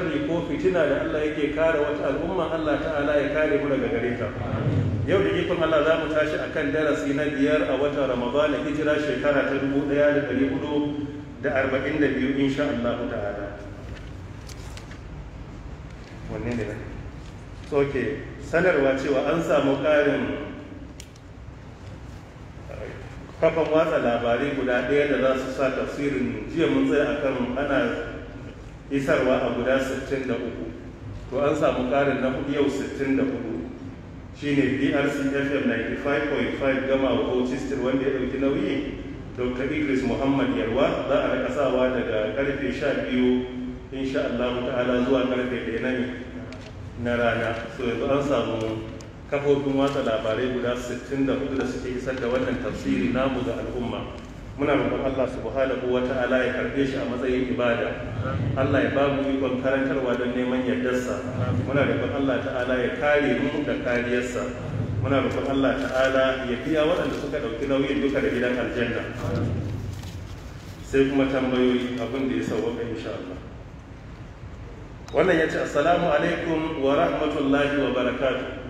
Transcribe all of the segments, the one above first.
sharri ko fitina da Allah yake kare wata al'umma Allah ta'ala ya kare mu daga gare ta yau da ikon Allah za mu tashi kan darasi na biyar a watan Ramadana hijira shekara ta dubu ɗaya da ɗari hudu da arba'in da biyu insha Allah ta'ala wanne ne soke sanarwa cewa an samu ƙarin kafan watsa labarai guda ɗaya da za su sa tafsirin jiya mun tsaya akan ana isarwa a guda 63 to an samu ƙarin na hudu yau 64 shine brc fm 95.5 gama wa autistir wanda ya ɗauki nauyi dr idris muhammad yarwa za a rika sawa daga karfe 12 insha allah ta'ala zuwa karfe ɗaya na rana so yanzu an samu kafofin watsa labarai guda 64 da suke isar da wannan tafsiri namu ga al'umma muna roƙon Allah subhanahu wa ta'ala ya karɓe shi a matsayin ibada Allah ya ba mu ikon karantarwa don neman yardarsa muna roƙon Allah ta'ala ya kare mu da kariyarsa muna roƙon Allah ta'ala ya biya waɗanda suka ɗauki nauyin duka da gidan aljanna sai kuma tambayoyi abin da ya sauwaka insha Allah wannan ya ce assalamu alaikum wa rahmatullahi wa barakatuh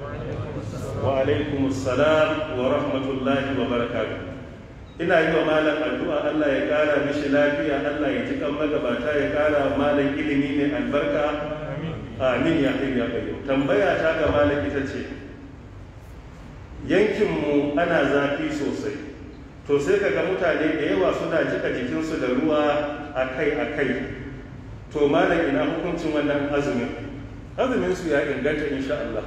wa alaikum assalam wa rahmatullahi wa barakatuh ina yi wa malam addu'a Allah ya kara mishi lafiya Allah ya ji kan magabata ya kara malam ilimi ne albarka amin ya hayyu ya kai tambaya ta ga malam ita ce yankin mu ana zafi sosai to sai ga mutane da yawa suna jika jikinsu da ruwa akai akai to malam ina hukuncin wannan azumin azumin su ya inganta insha Allah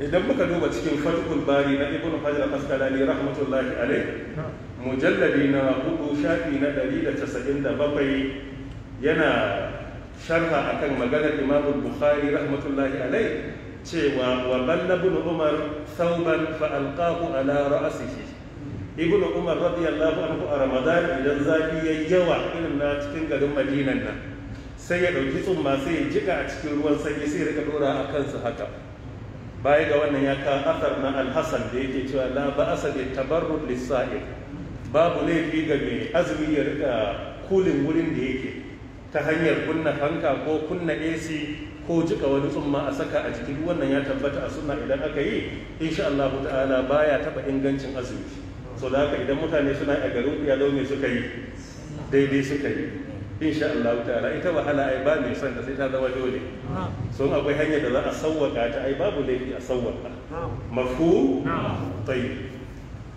idan muka duba cikin fatihul bari na ibn hajar asqalani rahmatullahi alaih mujalladi na hudu shafi na 197 yana sharha akan maganar imam bukhari rahmatullahi alaih cewa wa balla ibn umar sauban fa alqahu ala ra'sihi ibn umar radiyallahu anhu a ramadan idan zafi yayi yawa irin na cikin garin madinan nan sai ya dauki tsumma sai ya jika a cikin ruwan sanyi sai ya rika dora a kansu haka baya ga wannan ya kawo asar na alhassan da yake cewa la ba asa bi tabarrud lissa'i babu laifi ga mai azumi ya rika kulin wurin da yake ta hanyar kunna fanka ko kunna AC ko jika wani tsumma a saka a jikin wannan ya tabbata a sunna idan aka yi insha Allah ta'ala baya taba ingancin azumi so da haka idan mutane suna a garin ya suka yi daidai suka yi insha Allah ta'ala ita wahala ai ba mai son ta sai ta zama dole sun akwai hanyar da za a sauwaka ta ai babu laifi a sauwaka mafu tayyib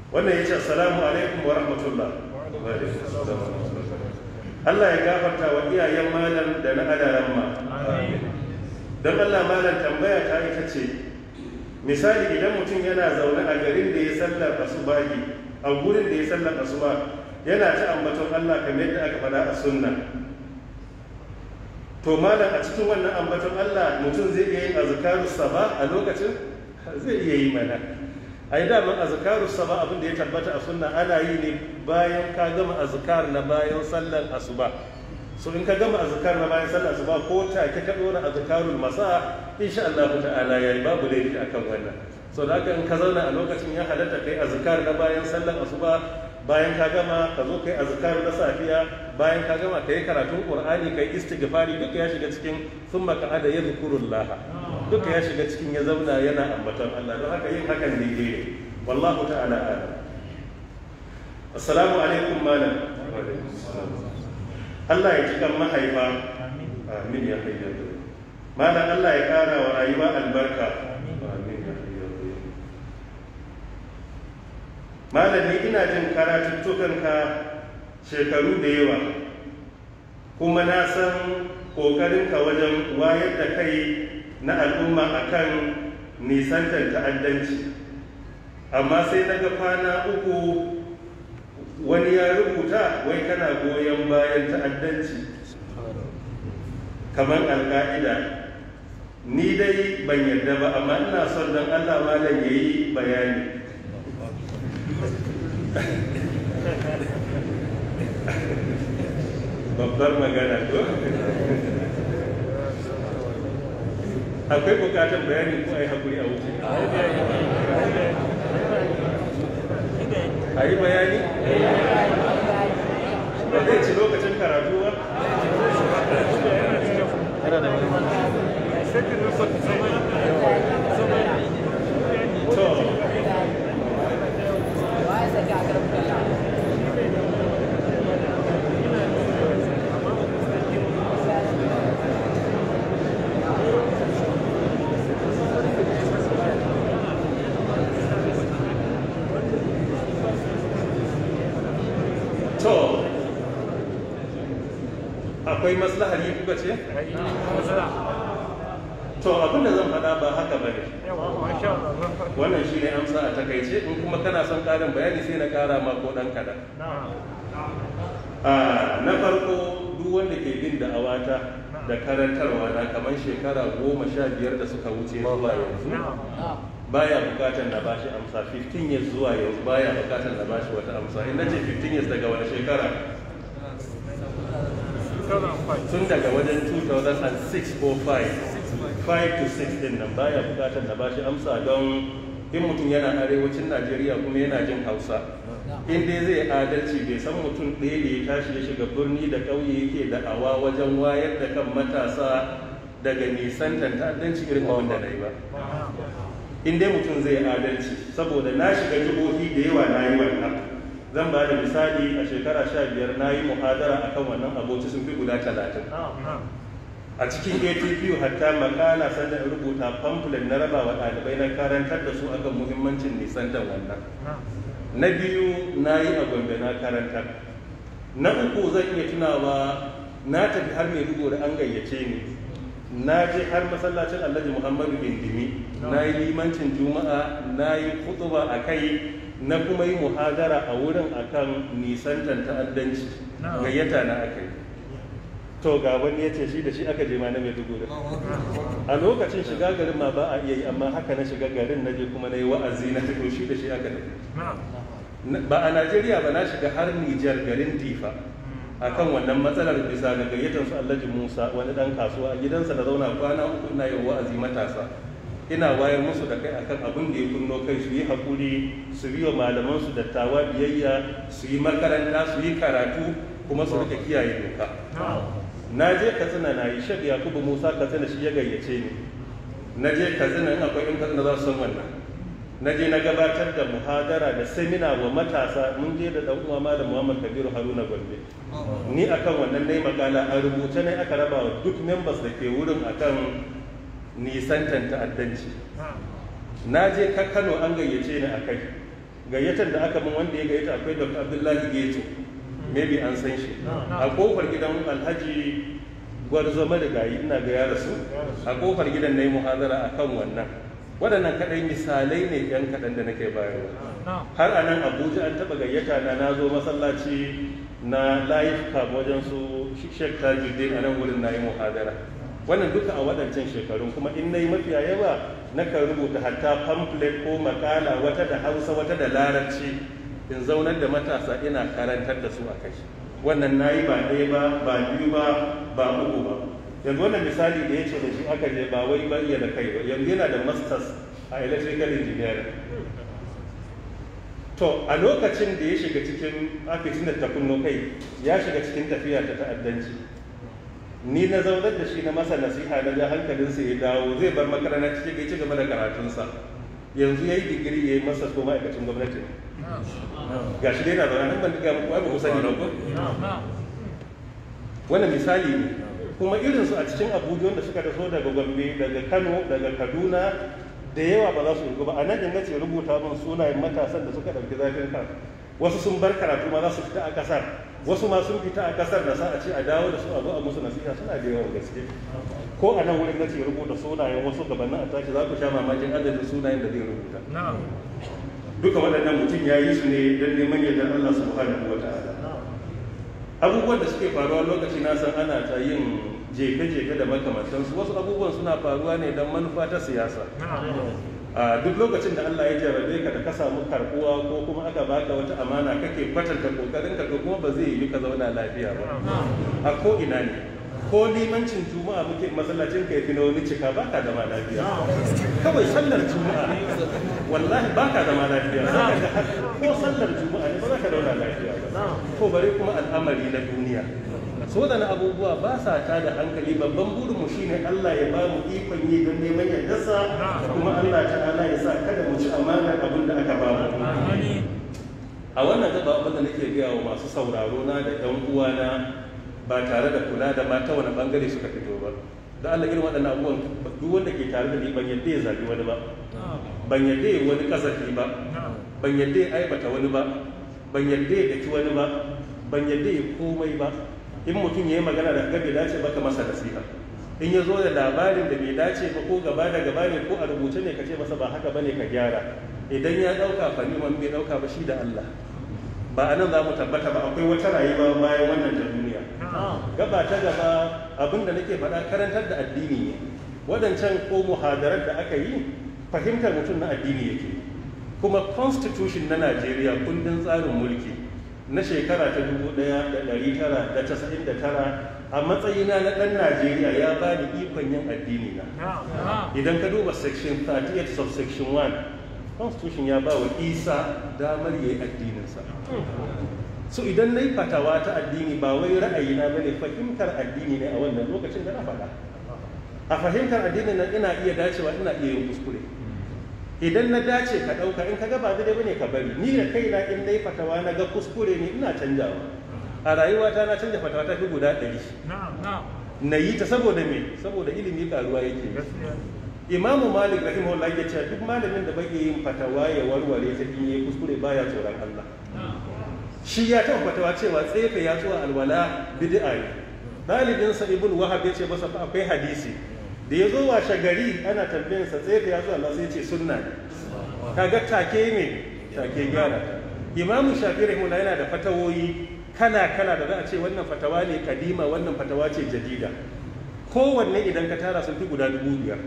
wannan yace assalamu alaikum wa rahmatullah wa alaikum Allah ya gafarta wa iyayen malam da na adaran ma don Allah malam tambaya ta ita ce misali idan mutum yana zaune a garin da ya sallar asuba a gurin da ya sallar asuba yana ta ambaton Allah kamar yadda aka faɗa a sunna to malam a cikin wannan ambaton Allah mutum zai iya yin azkarus saba a lokacin zai iya yi mana a yi daman azkarus saba abin da ya tabbata a sunna ana yi ne bayan ka gama azkar na bayan sallar asuba so in ka gama azkar na bayan sallar asuba ko take ka dora azkarul masa insha Allah ta'ala yayi babu laifi akan wannan so da haka in ka zauna a lokacin ya halatta kai azkar na bayan sallar asuba bayan ka gama ka zo kai azkar na safiya bayan ka gama kai karatun qur'ani kai istighfari duka ya shiga cikin thumma qa'ada yadhkurullah duka ya shiga cikin ya zauna yana ambaton Allah don haka yin hakan ne ne wallahu ta'ala a'lam assalamu alaikum malam Allah ya cika mahaifa amin ya hayya malam Allah ya kara wa rayuwa albarka malami ina jin karatuttukanka shekaru da yawa kuma na san ƙoƙarinka wajen wayar da kai na al'umma akan nisantar ta'addanci amma sai na ga kwana uku wani ya rubuta wai kana goyon bayan ta'addanci kamar alka'ida ni dai ban yarda ba amma ina son don allah malam ya yi bayani babbar magana ko akwai bukatar bayani ko a yi haƙuri a wuce a yi bayani ba zai ci lokacin karatu ba yana da wani akwai maslahar yi kuka ce? to abin da zan faɗa ba haka ba ne wannan shi ne amsa a takaice in kuma kana son ƙarin bayani sai na ƙara ma ko ɗan kaɗan na farko duk wanda ke bin da awata da karantarwa na kamar shekara goma sha biyar da suka wuce zuwa yanzu baya bukatar na bashi amsa 15 years zuwa yanzu baya bukatar na bashi wata amsa inda ce 15 years daga wani shekara tun daga wajen 2006 ko 5 to 6 din nan baya bukatar na shi amsa don in mutum yana arewacin najeriya kuma yana jin hausa in dai zai adalci bai san mutum ɗaya da ya tashi ya shiga birni da ƙauye yake da awa wajen wayar da kan matasa daga nisan ta'addanci irin abin da na yi ba in dai mutum zai adalci saboda na shiga jihohi da yawa na yi wannan zan ba da misali a shekara sha biyar na yi muhadara a kan wannan aboci sun fi guda talatin ah, ah. a cikin atp hatta makana sannan rubuta pamphlet na rabawa ɗalibai na karantar da su akan muhimmancin nisantar wannan ah. na biyu na yi a gombe na karantar na uku zan iya tunawa na tafi har mai rugo da an gayyace ni na je har masallacin alhaji muhammadu bin Dimi. na yi limancin juma'a na yi kutuba a kai na kuma yi muhadara a wurin akan nisantan ta'addanci gayyata na aka yi to ga wani ya ce shi da shi aka je ma na mai da a lokacin shiga garin ma ba a iya yi amma haka na shiga garin na je kuma na yi wa'azi na tuto shi da shi aka tafi ba a najeriya ba na shiga har nijar garin difa hmm. akan wannan matsalar bisa ga gayyatar su alhaji musa wani dan kasuwa a gidansa da zauna kwana uku na yi wa'azi matasa ina wayar musu da kai akan abin da ya kunno kai su yi haƙuri su yi wa malamansu da dattawa biyayya su yi makaranta su yi karatu kuma su rika kiyaye doka na je katsina na yi shaɗi yakubu musa katsina shi ya gayyace ni na je katsina in akwai in katsina za su san wannan na je na gabatar da muhadara da semina wa matasa mun je da ɗan uwa malam Muhammad Kabiru Haruna Gombe ni akan wannan nayi makala a rubuce ne aka raba wa duk membas da ke wurin akan nisantan ta'addanci na je ka kano an gayyace ni a kai gayyatar da aka bin wanda ya gayyata akwai dr abdullahi geto maybe an san shi a kofar gidan alhaji gwarzoma da gayi ina ga yara su a kofar gidan na yi muhazara a kan wannan waɗannan kaɗai misalai ne yan kaɗan da nake bayarwa har a nan abuja an taɓa gayyata na na zo masallaci na Laifuka wajen su shek tajuddin a nan wurin na yi muhazara wannan duka a waɗancan shekarun kuma in na yi mafiya yawa kan rubuta hatta pamphlet ko makala wata da hausa wata da larabci in zaunar da matasa ina karantar da su a kai wannan na yi ba ɗaya ba ba biyu ba ba uku ba yanzu wannan misali da ya ce da shi aka je ba wai bayyana kai ba yanzu yana da masters a electrical engineering to a lokacin da ya shiga cikin afishin da ta kunno kai ya shiga cikin tafiya ta ta'addanci ni na zaunar da shi na masa nasiha na ga hankalinsa ya dawo zai bar makaranta cikin ya ci gaba da karatunsa yanzu ya yi digiri ya yi masa ko ma'aikacin gwamnati ga shi dai na zaune nan ban diga muku ai ba ku sani ko wani misali ne kuma irinsu a cikin abuja wanda suka taso daga gombe daga kano daga kaduna da yawa ba za su rubu ba a nan da ce rubuta min sunayen matasan da suka ɗauki zafin kan wasu sun bar karatu ma za su fita a ƙasar wasu ma sun fita a kasar da sa a ce a dawo da su a zo a musu nasiha suna da yawan gaske ko a nan wurin nace rubuta sunayen wasu gabanin a tashi za ku sha mamakin adadin sunayen da zai rubuta duka waɗannan mutum ya yi su ne don neman yadda Allah subhanahu wa ta'ala abubuwan da suke faruwa lokaci na san ana ta yin jefe-jefe da makamantansu wasu abubuwan suna faruwa ne don manufa ta siyasa duk lokacin da Allah ya jarabe ka da ka samu karbuwa ko kuma aka baka wata amana kake kwatanta kokarin ka ko kuma ba zai yi ka zauna lafiya ba a ko ina ne ko limancin juma'a muke masallacin ka yafi na wani cika baka da ma lafiya kawai sallar juma'a wallahi baka da ma lafiya ko sallar juma'a ne ba za ka zauna lafiya ba ko bare kuma al'amari na duniya so da na abubuwa ba sa ta da hankali babban mu shine Allah ya ba mu ikon yi don neman yardarsa kuma Allah ta'ala ya sa kada mu ci amana abin da aka ba mu a wannan gaba abin da nake gaya wa masu sauraro na da ɗan uwana ba tare da kula da mata wani bangare suka fito ba da Allah irin waɗannan abubuwan duk wanda ke tare da ni ban yadda ya zabi wani ba ban yadda ya wani kasafi ba ban yadda ya aibata wani ba ban yadda ya daki wani ba ban yadda ya komai ba in mutum ya yi magana da ga bai dace baka masa nasiha in ya zo da labarin da bai dace ba ko gaba da gaba ne ko a rubuce ne ka ce masa ba haka bane ka gyara idan ya dauka fani man bai dauka ba shi da Allah ba a nan za mu tabbata ba akwai wata rayuwa bayan wannan ta duniya gaba ta gaba abin da nake faɗa karantar da addini ne wadancan ko muhadarar da aka yi fahimtar mutum na addini yake kuma constitution na Najeriya kundin tsarin mulki na shekara ta 1999 a matsayina na ɗan Najeriya ya ba ni ikon yin addini na. Idan ka duba section 38 subsection 1, constitution ya ba wa Isa damar yayi addininsa. So idan na yi fatawa ta addini ba wai ra'ayina bane fahimtar addini ne a wannan lokacin da na faɗa. A fahimtar addini na ina iya dacewa ina iya yin kuskure. idan na dace ka ɗauka in ka gaba daidai bane ka bari ni da kaina in nayi fatawa na ga kuskure ne ina canjawa a rayuwata na canja fatawa ta fi guda ɗari na yi ta saboda me saboda ilimi karuwa yake imamu malik rahimahullah ya ce duk malamin da bai yin fatawa ya warware ta in yi kuskure baya tsoron allah shi ya taɓa fatawa cewa tsefe ya zuwa alwala bid'a ne ɗalibinsa ibn wahab ya ce masa akwai hadisi da ya zo washe gari ana tambayinsa tsaye da ya Allah sai ce sunna kaga take ne take gyara imamu shafi rahimullah yana da fatawoyi kana kana da za a ce wannan fatawa ne kadima wannan fatawa ce jadida kowanne idan ka tara sun fi guda dubu biyar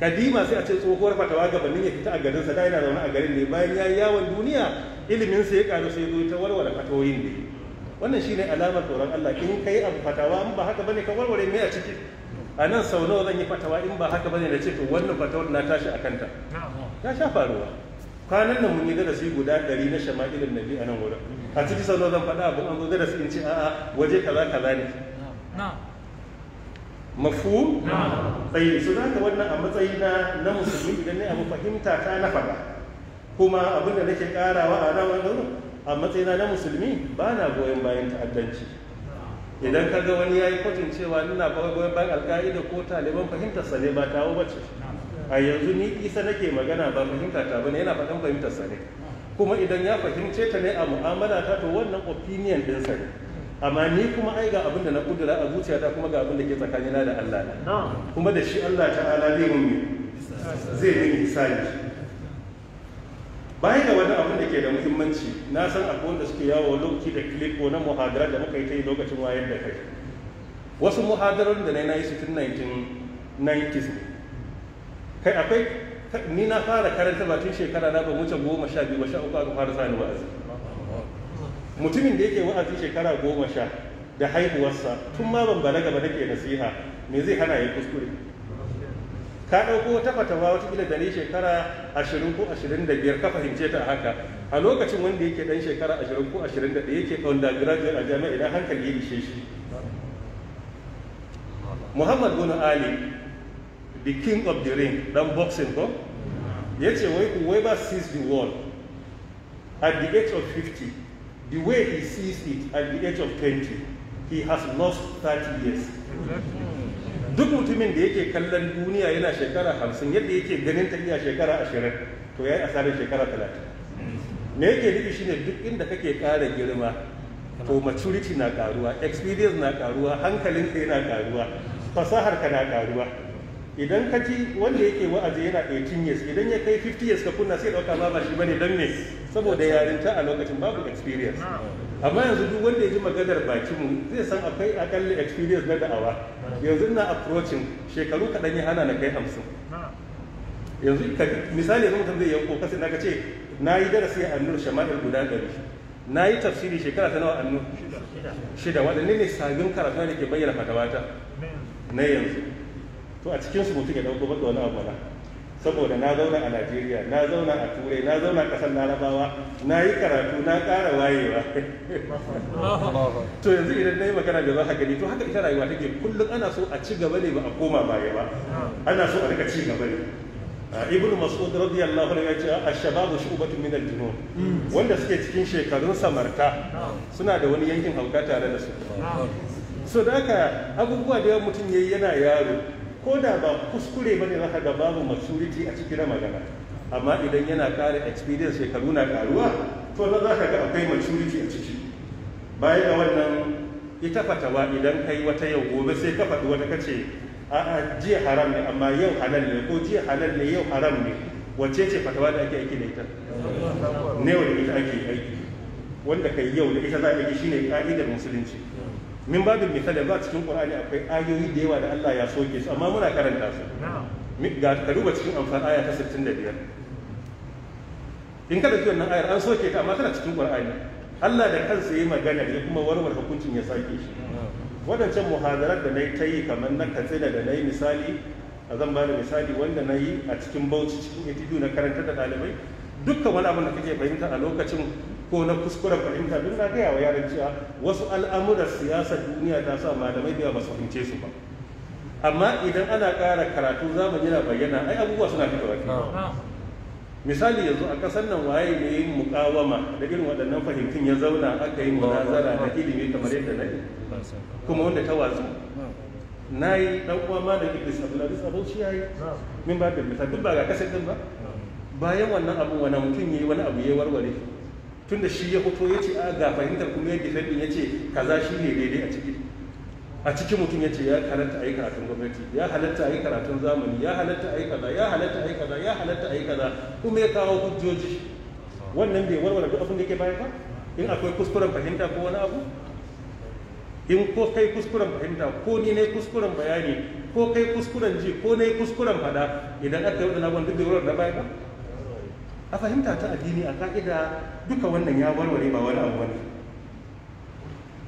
kadima sai a ce tsohuwar fatawa gabanin ya fita a garin sa da yana zaune a garin ne bayan ya yawon duniya ilimin sa ya karu sai zo ta warware fatawoyin ne wannan shine alamar tsoron Allah in kai abu fatawa ba haka bane ka warware me a ciki a nan sau nawa zan yi fatawa in ba haka bane na ce to wannan fatawar na tashi a kanta ya sha faruwa kwanan nan mun yi darasi guda ɗari na shama'ilin nabi a nan wurin a cikin sau nawa zan faɗa abin an zo darasi in ce a'a waje kaza kaza ne mafu tsayi su za ka wannan a matsayi na na musulmi idan ne abu fahimta ta na faɗa kuma abin da nake karawa a nan a matsayina na musulmi ba na goyon bayan ta'addanci idan ka ga wani ya yi kwatin cewa nuna goyon ban alka'ida ko taliban sa ne ba tawo ba ce a yanzu ni isa nake magana ba fahimta ta bane yana faɗan fahimtar ne kuma idan ya fahimce ta ne a mu'amala ta to wannan opinion ɗinsa ne amma ni kuma ai ga abin da na kudura a zuciyata kuma ga abin da ke tsakanina da Allah kuma da shi Allah ta'ala zai mun zai mun misali bayan da wani abin da ke da muhimmanci na san akwai da suke yawo lokaci da clip ko na muhadara da muka yi ta yi lokacin wayar da kai wasu muhadarar da na yi su tun 1990s ne kai akwai ni na fara karanta ba tun shekara na ba wuce goma sha biyu ba sha uku aka fara sani wa'azi mutumin da yake wa'azi shekara goma sha da haihuwarsa tun ma ban balaga ba nake nasiha me zai hana ya kuskure ka ɗauko wata fatawa watakila da ni shekara ashirin ko ashirin da biyar ka fahimce ta haka a lokacin wanda yake ɗan shekara ashirin ko ashirin da ɗaya yake undergraduate a jami'a idan hankali ya ishe shi muhammad bin ali the king of the ring dan boxing ko ya ce wai whoever sees the world at the age of 50 the way he sees it at the age of 20 he has lost 30 years duk mutumin da yake kallon duniya yana shekara hamsin yadda yake ganin ta iya shekara ashirin to ya yi asarin shekara talatin me yake nufi shine duk inda kake ƙara girma to maturity na karuwa experience na karuwa hankalinka yana karuwa fasahar ka na karuwa idan ka ji wanda yake wa'azi yana 18 years idan ya kai 50 years ka kunna sai dauka ba shi bane dan me saboda yarinta a lokacin babu experience amma yanzu duk wanda ya ji maganar baki mu zai san akwai akalla experience na da'awa yanzu ina approaching shekaru kaɗan ya hana na kai hamsin yanzu misali yanzu mutum zai yanko kasa na ce na yi darasi a annur shama'il guda ɗari na yi tafsiri shekara ta nawa annur shida waɗanne ne sabbin karatu da ke bayyana fatawata na yanzu to a cikin su mutum ya ɗauko da wani abu ba saboda na zauna a najeriya na zauna a turai na zauna kasar larabawa na yi karatu na ƙara wayewa to yanzu idan na yi magana da za ka gani to haka ita rayuwa take kullum ana so a ci gaba ne ba a koma baya ba ana so a rika ci gaba ne ibnu mas'ud radiyallahu anhu ya ce ash-shababu shu'batun min al wanda suke cikin shekarun samarta suna da wani yankin hauka tare da su so da haka abubuwa da mutum yayi yana yaro ko da ba kuskure bane za ka ga babu maturity a cikin magana amma idan yana ƙara experience shekaru na ƙaruwa to na za ka ga akwai maturity a ciki bayan ga wannan ita fatawa idan kai wata yau gobe sai ka faɗi wata kace a'a jiya haram ne amma yau halal ne ko jiya halal ne yau haram ne Wace ce fatawa da ake aiki da ita ne wanda ita ake aiki wanda kai yau da ita za a yi shine ka'idar musulunci min babin misali ba cikin qur'ani akwai ayoyi da yawa da Allah ya soke su amma muna karanta su ga ka duba cikin amfan aya ta 65 in ka dauki wannan ayar an soke ta amma tana cikin qur'ani Allah da kansa yayi magana ya kuma warware hukuncin ya sake shi wadancan muhadarar da nayi yi kamar na katsina da nayi misali a zan ba da misali wanda na yi a cikin bauchi cikin etidu na karantar da ɗalibai dukkan wani abin da kake fahimta a lokacin ko na kuskuren fahimta duk na gaya wa yaran cewa wasu al'amuran siyasa duniya ta sa malamai da ba su fahimce su ba amma idan ana ƙara karatu zamani yana bayyana ai abubuwa suna fitowa misali yanzu a ƙasar nan waye ne yin muƙawama da irin waɗannan fahimtun ya zauna aka yi munazara da ilimi kamar yadda na kuma wanda ta watsu na yi ɗan uwa ma da iblis abdulaziz abauci ya yi min ba da misali duk ba ga kasar din ba bayan wannan abun wani mutum ya yi wani abu ya warware tunda shi ya fito ya ce ah, ga fahimtar kuma ya defendin ya ce kaza shi ne daidai a ciki a cikin mutum ya ce ya halatta a yi karatun gwamnati ya halatta a yi karatun zamani ya halatta a yi kaza ya halatta a yi kaza ya halatta a yi kaza kuma ya kawo hujjoji wannan bai warware duk abin da yake bayan ba in akwai kuskuren fahimta ko wani abu in ko kai kuskuren fahimta ko ni ne kuskuren bayani ko kai kuskuren ji ko ne kuskuren fada idan aka yi wadannan abin duk bai warware da bayan ba a fahimta ta addini a ka'ida duka wannan ya warware ba wani abu wani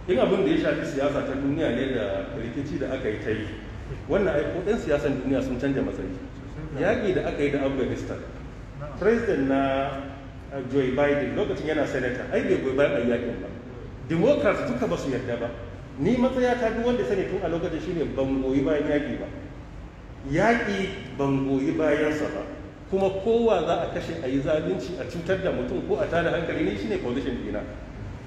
in abin da ya shafi siyasa ta duniya ne da rikici da aka yi ta yi wannan aiko ɗan siyasan duniya sun canja matsayi yaƙi da aka yi da afghanistan president na uh, joe biden lokacin yana senator ai bai goyi bayan yaƙin ba democrats duka ba su yarda ba ni matsaya ta duk wanda sani tun a lokacin shine ban goyi bayan yaƙi ba yaƙi ban goyi bayansa ba kuma kowa za a kashe a yi zalunci a cutar da mutum ko a tada hankali ne shine position dina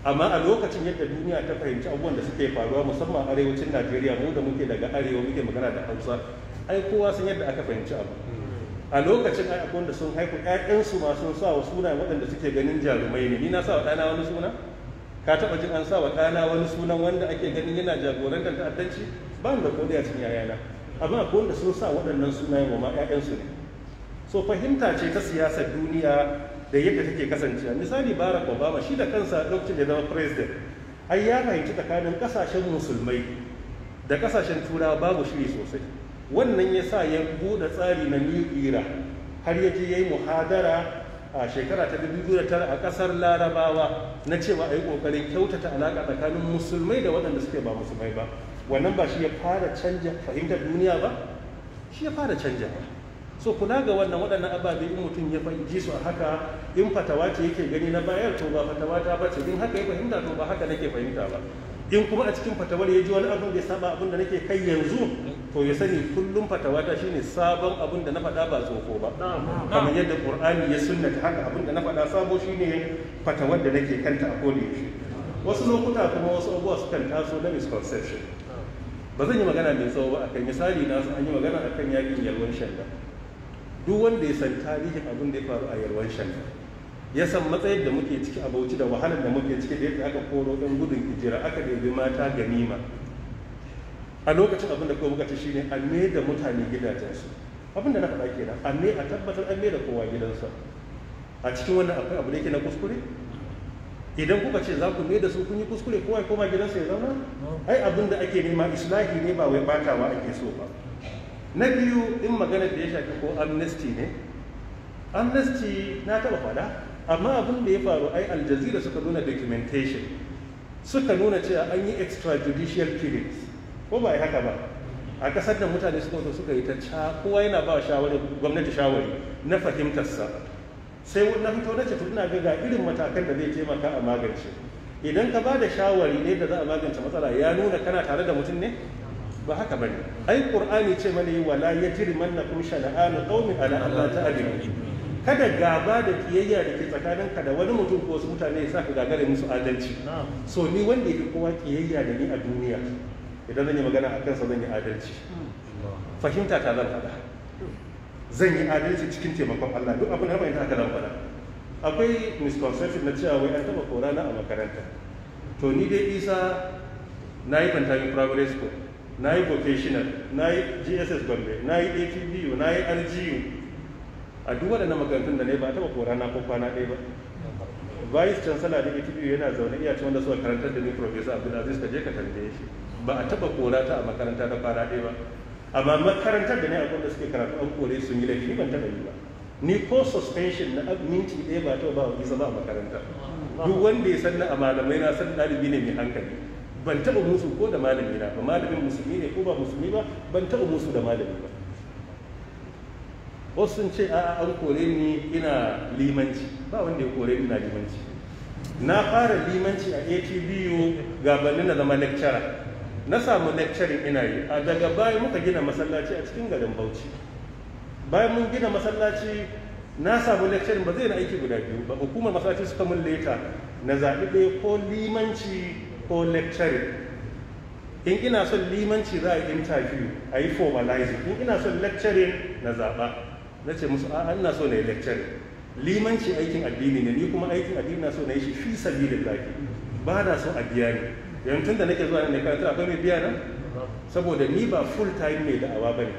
amma a lokacin yadda duniya ta fahimci abubuwan da suke faruwa musamman arewacin najeriya mu da muke daga arewa muke magana da hausa ai kowa sun yadda aka fahimci abu a lokacin ai akwai da sun haiku ƴaƴansu ma sun sa wa suna waɗanda suke ganin jarumai ne ni na sa wa ɗana wani suna ka taɓa jin an sa wa ɗana wani sunan wanda ake ganin yana jagorantar ta'addanci ba mu da kodai a cikin yayana amma akwai wanda sun sa waɗannan sunayen wa ma ƴaƴansu ne so fahimta ce ta siyasar duniya da yadda take kasancewa misali barack obama shi da kansa lokacin da zama president ai ya fahimci tsakanin kasashen musulmai da kasashen turawa babu shiri sosai wannan ya sa ya buɗe tsari na new era har ya je ya yi muhadara a shekara ta 2009 a ƙasar larabawa na cewa a yi ƙoƙarin kyautata alaƙa tsakanin musulmai da waɗanda suke ba musulmai ba wannan ba shi ya fara canja fahimtar duniya ba shi ya fara canja ba so kula ga wannan waɗannan ababe in mutum ya fahimci su a haka in fatawa ce yake gani na bayar to ba fatawa ta bace in haka ya fahimta to ba haka nake fahimta ba in kuma a cikin fatawar ya ji wani abin da ya saba abin da nake kai yanzu to ya sani kullum fatawa ta shine sabon abin da na faɗa ba zoko ba kamar yadda qur'ani ya sunnata haka abin da na faɗa sabo shine fatawar da nake kanta a kodi wasu lokuta kuma wasu abubuwa kan taso na misconception ba zan yi magana mai tsawo ba akan misali na an yi magana akan yakin yalwan shanda duk wanda ya san tarihin abin da ya faru a yarwan shanga ya san matsayin da muke ciki a bauchi da wahalar da muke ciki da yadda aka koro ɗan gudun hijira aka ɗebi mata ganima a lokacin abin da kuma muka ci shine a me da mutane gidajensu abin da na faɗa kenan a me a tabbatar an me da kowa gidansa a cikin wannan akwai abu da yake na kuskure idan kuka ce za ku mai da su kun yi kuskure kowa ya koma gidansa ya zama ai abin da ake nema islahi ne ba wai batawa ake so ba na biyu in magana da ya shafi ko amnesty ne amnesty na taɓa faɗa amma abin da ya faru ai aljazira suka nuna documentation suka nuna cewa an yi extrajudicial killings ko ba haka ba a kasar da mutane suka zo suka yi ta ca kowa yana ba shawari gwamnati shawari na fahimtarsa sai na fito na ce tuna ga irin matakan da zai taimaka a magance idan ka ba da shawari ne da za a magance matsala ya nuna kana tare da mutum ne ba haka bane ai qur'ani ce mana yi wala yajrimannakum shana'an qaumin ala alla ta'dilu kada gaba da kiyayya da ke tsakanin ka da wani mutum ko wasu mutane ya saka gagare musu adalci so ni wanda yake kowa kiyayya da ni a duniya idan zan yi magana a kansa zan yi adalci fahimta ta zan faɗa zan yi adalci cikin taimakon Allah duk abin da bai haka zan faɗa akwai misconception na cewa wai an taɓa korana a makaranta to ni dai isa na yi fantami primary school na yi vocational na yi gss gombe na yi atbu na yi rgu a duk waɗannan makarantun da ne ba taɓa kora na ko kwana ɗaya ba vice chancellor da atbu yana zaune iya wanda suka karantar da ni professor abdulaziz ka je ka tambaye shi ba a taɓa kora ta a makaranta ta kwana ɗaya ba amma makarantar da ne a da suke karatu an kore sun yi laifi ban taɓa yi ba ni ko suspension na minti ɗaya ba taɓa ba a ba a makaranta duk wanda ya san na a malamai na san ɗalibi ne mai hankali ban taɓa musu ko da malami na ba malamin musulmi ne ko ba musulmi ba ban taɓa musu da malami ba wasu sun ce a an kore ni ina limanci ba wanda ya kore ni na limanci na fara limanci a atbu gabanni na zama lecturer na samu lecturing ina yi a daga baya muka gina masallaci a cikin garin bauchi bayan mun gina masallaci na samu lecturing ba zai na aiki guda biyu ba hukumar masallaci suka mun leta na zaɓi ɗaya ko limanci ko lecturing in ina son limanci za a interview a yi formalizing in ina son lecturing na zaɓa na ce musu a ina so na yi lecturing limanci aikin addini ne ni kuma aikin addini na so na yi shi fi sabilin lafi ba na so a biya ne yanzu tun da nake zuwa ne karanta kai mai biya na saboda ni ba full time mai da'awa ba ne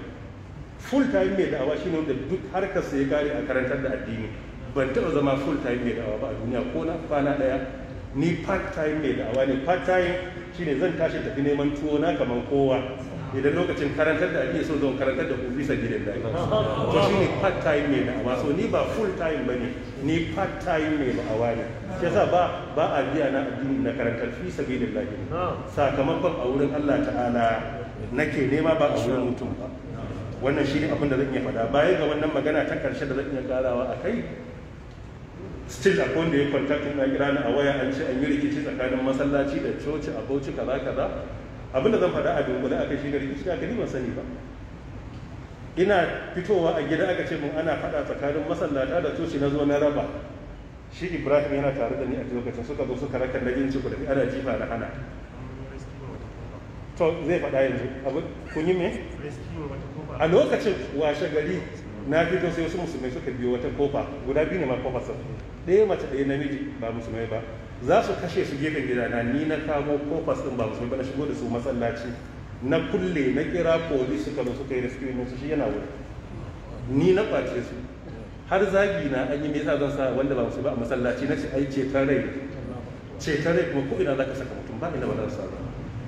full time mai da'awa ne wanda duk harkar sai ya kare a karantar da addini ban taɓa zama full time mai da'awa ba a duniya ko na kwana ɗaya ni part time da da'awa ne part time shine zan tashi tafi neman tuwo na kamar kowa idan lokacin karantar da ake so zan karantar da ku bisa gidan da to shine part time mai da'awa so ni ba full time bane ni part time mai da'awa ne shi yasa ba ba a biya na addini na karantar fi sabilillah sakamakon a wurin Allah ta'ala nake nema ba a wurin mutum ba wannan shi ne abin da zan iya faɗa baya ga wannan magana ta karshe da zan iya karawa akai still a kowanne ya kontaktin na kira a waya an ce an yi rikici tsakanin masallaci da coci a bauchi kaza kaza abin da zan faɗa a dunkule aka shi da rikici aka ni ban sani ba ina fitowa a gida aka ce mun ana faɗa tsakanin masallata da coci na zo na raba shi ibrahim yana tare da ni a lokacin suka zo suka raka na yin ciku da ana jifa da hana to zai faɗa yanzu abin kun yi me a lokacin washe gari na fito sai wasu musulmai suka biyo wata kofa guda biyu ne ma kofa sa ɗaya mace ɗaya namiji ba musulmai ba za su kashe su gefen gida na ni na kamo kofa sun ba musulmai ba na shigo da su masallaci na kulle na kira polis suka zo suka yi rescue suke su shi yana wuri ni na kwace su har zagi na an yi me yasa zan sa wanda ba musulmai a masallaci na ce ai ceton rai ceton rai kuma ko ina ka saka mutum ba ina ba za su sa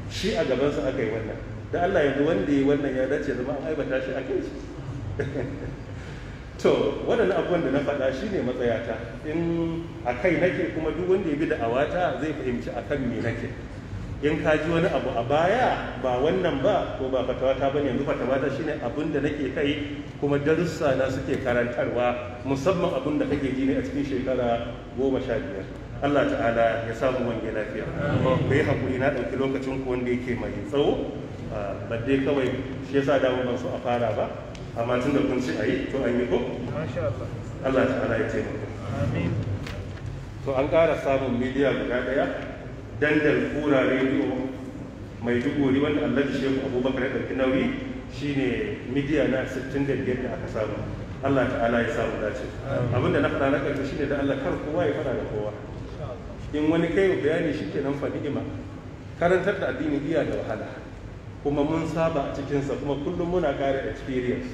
shi a gabansa aka yi wannan da Allah yanzu wanda ya wannan ya dace zama an aibata shi a kai shi to waɗannan abubuwan da na faɗa shi ne matsayata in a kai nake kuma duk wanda ya bi da awata zai fahimci a kan me nake in ka ji wani abu a baya ba wannan ba ko ba fatawata ba ne yanzu fatawata shine abin da nake kai kuma darussa na suke karantarwa musamman abin da kake ji ne a cikin shekara goma sha biyar Allah ta'ala ya samu wange lafiya ku yi haƙuri na ɗauki lokacin ku wanda yake mai tsawo ah, ba dai kawai shi yasa dawo ban so a fara ba amma tun da kun ci a yi to an yi ko? Allah ta'ala ya ce taimaka. To an ƙara samun miliya guda ɗaya dandal kura rediyo mai duguri wanda Allah da shehu abubakar ya ɗauki nauyi shine midiya na 65 da aka samu Allah ta'ala ya samu dace abin da na faɗa na ƙarfi shine da Allah kar kowa ya faɗa da kowa in wani kai bayani shi ke nan fa karantar da addini iya da wahala kuma mun saba a cikinsa kuma kullum muna ƙara experience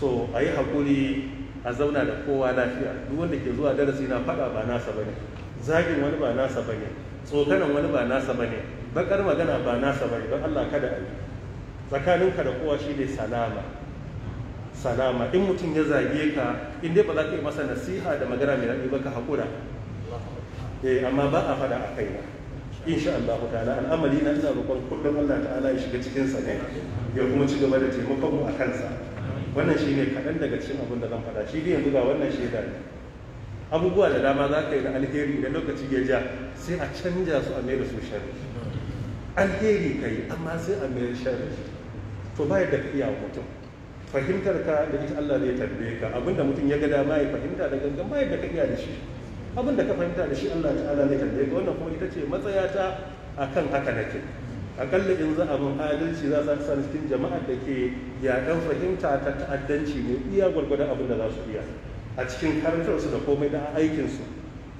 so a yi haƙuri a zauna da kowa lafiya duk wanda ke zuwa darasi na faɗa ba nasa bane zagin wani ba nasa bane tsokanan wani ba nasa bane bakar magana ba nasa bane don Allah kada a yi tsakaninka da kowa shi ne salama salama in mutum ya zage ka in dai ba za ka yi masa nasiha da magana mai daɗi ba ka haƙura eh amma ba a faɗa a kai kaina insha Allah ta'ala al'amari na ina roƙon kullum Allah ta'ala ya shiga cikin sa ne ya kuma ci gaba da taimakon mu a kansa wannan shi ne kaɗan daga cikin abin da zan faɗa shi ne yanzu ga wannan shi ne abubuwa da dama za ka yi da alheri idan lokaci ya ja sai a canja su a mai da su sharri alheri ka yi amma sai a mai sharri to ba yadda ka iya mutum fahimtar ka da ita Allah zai tarbe ka da mutum ya ga dama ya fahimta da gangan ba yadda ka iya da shi da ka fahimta da shi Allah ta'ala zai tarbe ka wannan kuma ita ce matsayata akan haka nake akalla in za a mun adalci za su san cikin jama'ar da ke yaƙan fahimta ta ta'addanci ne iya gwargwadon abin da za su iya a cikin karantarsu da komai da aikinsu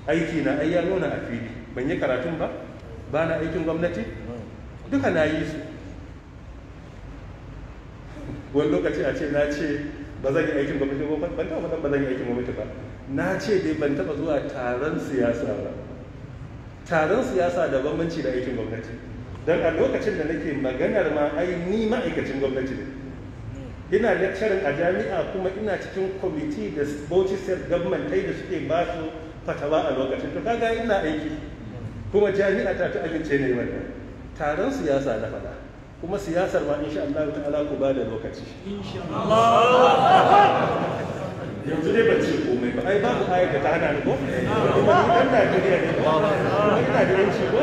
aiki na ai ya nuna a fili ban yi karatun ba ba na aikin gwamnati duka na yi su wani lokaci a ce na ce ba zan yi aikin gwamnati ba ban taɓa faɗan ba zan yi aikin gwamnati ba na ce dai ban taɓa zuwa taron siyasa ba taron siyasa da bambanci da aikin gwamnati don a lokacin da nake maganar ma ai ni ma'aikacin gwamnati ne ina lecturing a jami'a kuma ina cikin kwamiti da bauchi state government da suke ba su fatawa a lokacin to kaga ina aiki kuma jami'a ta ta amince ne wannan taron siyasa na fada kuma siyasar ma insha Allah ta'ala ku ba da lokaci yanzu dai ban ce komai ba ai babu ayar da ta hana ni ko kuma ni dan Najeriya ne ko ina da yanci ko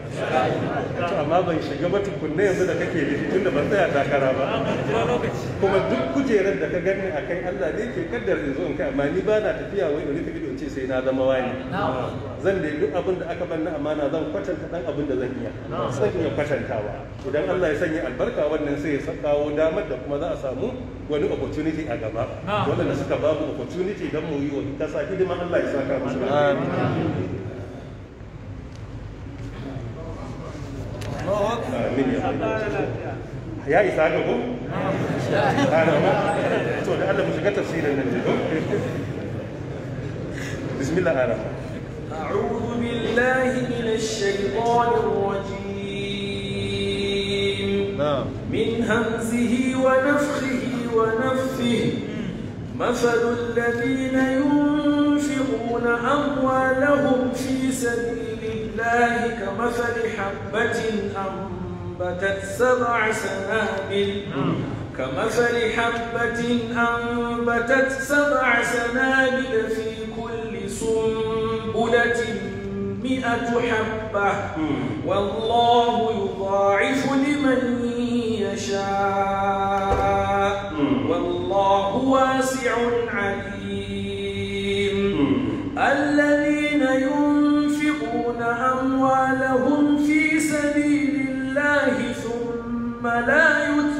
to amma ban shiga ba tukunna yanzu da kake da tun da ban tsaya takara ba kuma duk kujerar da ka gani a kai Allah ne ke kaddar in zo kai amma ni ba na tafiya wai da rufe sai na zama wani zan da duk abin da aka bani amana zan kwatanta dan abin da zan iya sai iya kwatantawa idan Allah ya sanya albarka wannan sai ya kawo damar da kuma za a samu wani opportunity a gaba waɗanda suka babu opportunity dan mu yi wa kasa hidima Allah ya saka musu amin Amin ya ya أعوذ بالله من الشيطان الرجيم نعم. من همزه ونفخه ونفثه مثل الذين ينفقون أموالهم في سبيل الله كمثل حبة أنبتت سبع سنابل كمثل حبة أنبتت سبع سنابل في كل سنبلة مئة حبة والله يضاعف لمن يشاء والله واسع عليم ولا يتبعون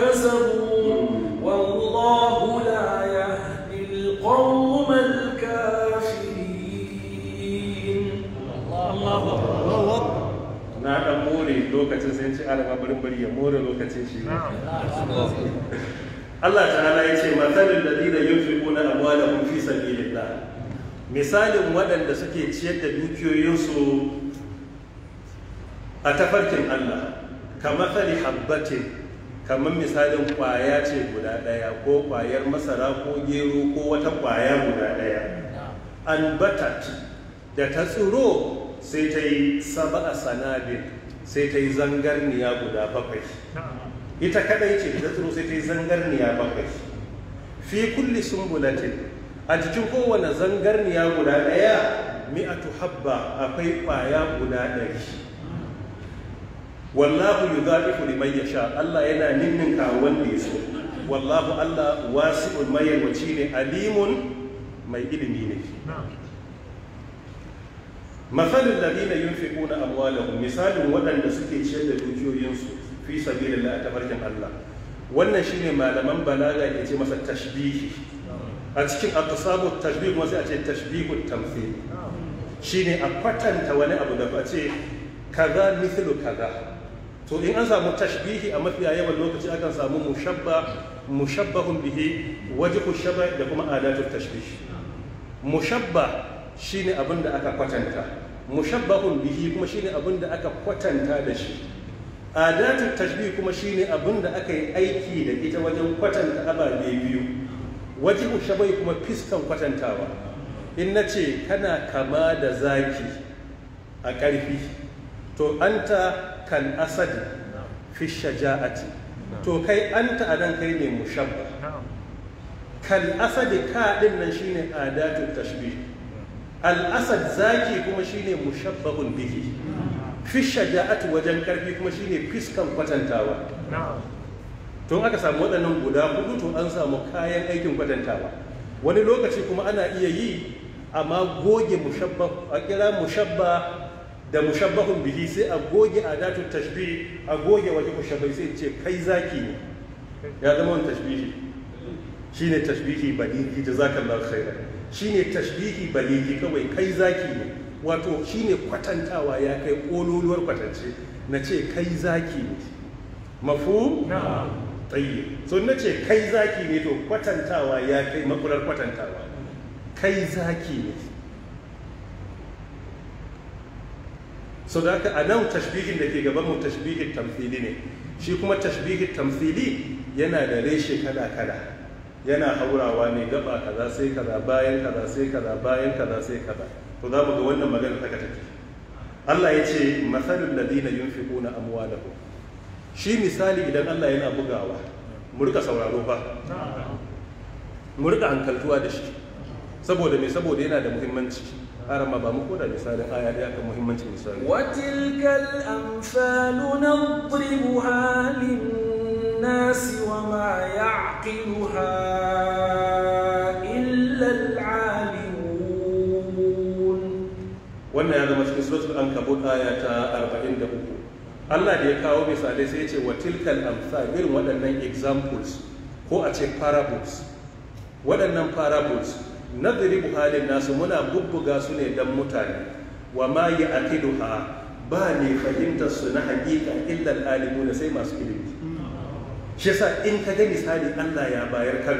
كسبوا والله لا يهدي القوم الكافرين الله أكبر na ɗan more lokacin sai ce alama barin bari ya more lokacin shi ne. Allah ta'ala ya ce matsalin da dina yin da amwalahum fi sabilillah misalin waɗanda suke ciyar da dukiyoyinsu a tafarkin Allah ka matsali habbatin kamar misalin kwaya ce guda ɗaya ko kwayar masara ko gero ko wata kwaya guda ɗaya an batat da ta tsiro sai ta yi saba a sanabin sai ta yi zangarniya guda bakwai ita kadai ce ta tsiro sai ta yi zangarniya bakwai fi kulli sumbulatin a cikin kowane zangarniya guda ɗaya mi'atu habba akwai kwaya guda ɗari wallahu yudha'ifu liman yasha Allah yana ninninka wanda ya so wallahu Allah wasi'ul mayyawaci ne alimun mai ilimi ne masalin ladina yunfiquna amwalahum misalin waɗanda suke ciyar da dukiyoyinsu fi sabilillah a Allah wannan shine malaman balaga ke ce masa tashbihi a cikin aqsabu tashbih kuma sai a ce tashbihu tamthil shine a kwatanta wani abu da ba ce kaza mithlu kaza to in an samu tashbihi a mafiya yawan lokaci akan samu mushabba mushabbahun bihi wajhu shaba da kuma adatut tashbih mushabba shine abin da aka kwatanta mushabbahun bihi kuma shine abin da aka kwatanta da shi adatut tashbih kuma shine abin da aka yi aiki da ita wajen kwatanta ababe biyu wajhu shabai kuma fiskan kwatantawa in nace kana kama da zaki a ƙarfi to anta kal asadi fi shaja'ati to kai an adan kai ne mushabba kal ka din nan shine adatut tashbih al asad zaki kuma shine mushabbahun bihi fi shaja'ati wajen karfi kuma shine fiskan kwatantawa tun aka samu waɗannan guda hudu to an samu kayan aikin kwatantawa wani lokaci kuma ana iya yi amma goge mushabba a kira mushabba da mushabbahun bihi sai a goge adatun tashbi, a goge waje mushabbai sai ce kai zaki ne ya zama wani tashbihi Shi ne tashbihi da lal khaira Shi ne tashbihi baliki kawai kai zaki ne wato shine kwatantawa ya kai kololuwar kwatance na ce kai zaki ne mafu na tsaye so na ce kai zaki ne to kwatantawa ya kai makular kwatantawa kai zaki ne so da haka a nan tashbihin da ke gaban mu tashbihin tamfili ne shi kuma tashbihin tamfili yana da reshe kada kada. yana haurawa ne gaba kaza sai kaza bayan kaza sai kaza bayan kaza sai kaza to za mu ga wannan magana ta take Allah ya ce masalul ladina yunfiquna amwalahum shi misali idan Allah yana bugawa mu rika sauraro fa mu rika hankaltuwa da shi saboda me saboda yana da muhimmanci arama ba mu koda misalin aya ɗaya kan muhimmancin misali watilkal amsalu halin nasi wa ma ya'qiluha illar al'alimun wannan ya zama cikin an kabo aya ta 43 Allah da ya kawo misalai sai ya ce watilka amsal irin waɗannan examples ko a ce parables waɗannan parables nadribu halin nasu muna bubbuga su ne dan mutane wa ma ya'tiduha ba ne fahimtar su na haƙiƙa illar illa alimuna sai masu ilimi shi yasa in ka ga misali Allah ya bayar ka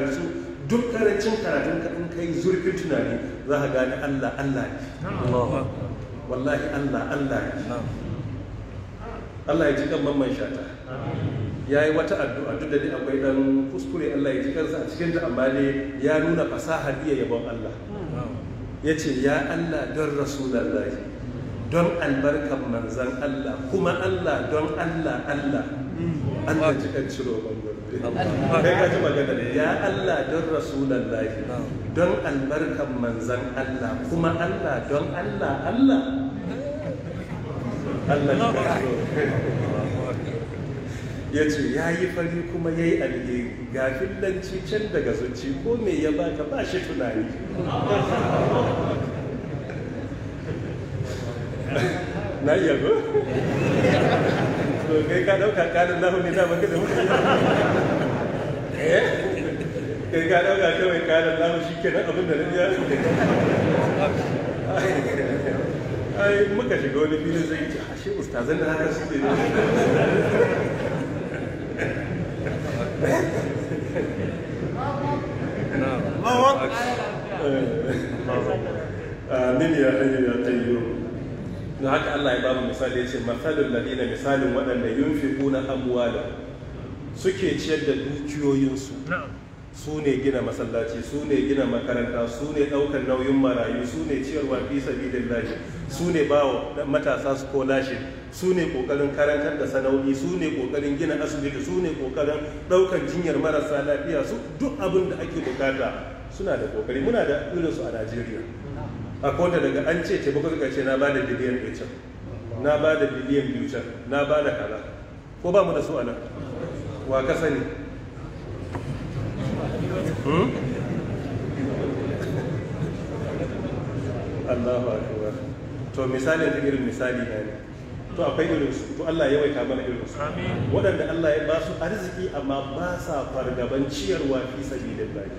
duk karancin karatun ka in kai zurfin tunani za ka gane Allah Allah ne wallahi Allah Allah ne Allah ya ji kan mamman shata ya yi wata addu'a duk da dai akwai dan kuskure Allah ya ji kansa a cikin ta amma ne ya nuna fasahar iya yabon Allah ya ce ya Allah don rasulallah don albarkar manzan Allah kuma Allah don Allah Allah Allah ji kan ciro kai ka ya Allah don rasulallah don albarkar manzan Allah kuma Allah don Allah Allah Allah ji kan ciro ya ce ya yi fari kuma ya yi alheri ga fillanci can daga zuci ko me ya baka ba shi tunani na iya go? to kai ka dauka kanin na ne dama ka da mutane eh kai ka dauka kawai kanin na nahu shi ke na abin da na biya su ai muka shiga wani filin zai ce ashe ustazan da haka suke ne نعم ya hayyu ya qayyum na haka Allah ya bamu misali yace masalul ladina misalin waɗanda yunfiquna amwala suke ciyar da dukiyoyinsu su ne gina masallaci su ne gina makaranta su ne ɗaukar nauyin marayu su ne ciyarwa fi sabilillahi su ne ba matasa su ko lashe su ne ƙoƙarin karantar da sana'o'i su ne ƙoƙarin gina asibiti su ne ƙoƙarin ɗaukar jinyar marasa lafiya su duk abin da ake bukata suna da ƙoƙari muna da irinsu a najeriya a kowanda daga an ce ce bakwai ce na ba da biliyan ɗaya na ba da biliyan biyu na ba da kaza ko ba mu da su a nan wa ka sani Hmm? Allahu akbar to misali da irin misali na ne to akwai irin su to Allah ya waita mana irin su waɗanda Allah ya ba su arziki amma ba sa fargaban ciyarwa fi sabilillah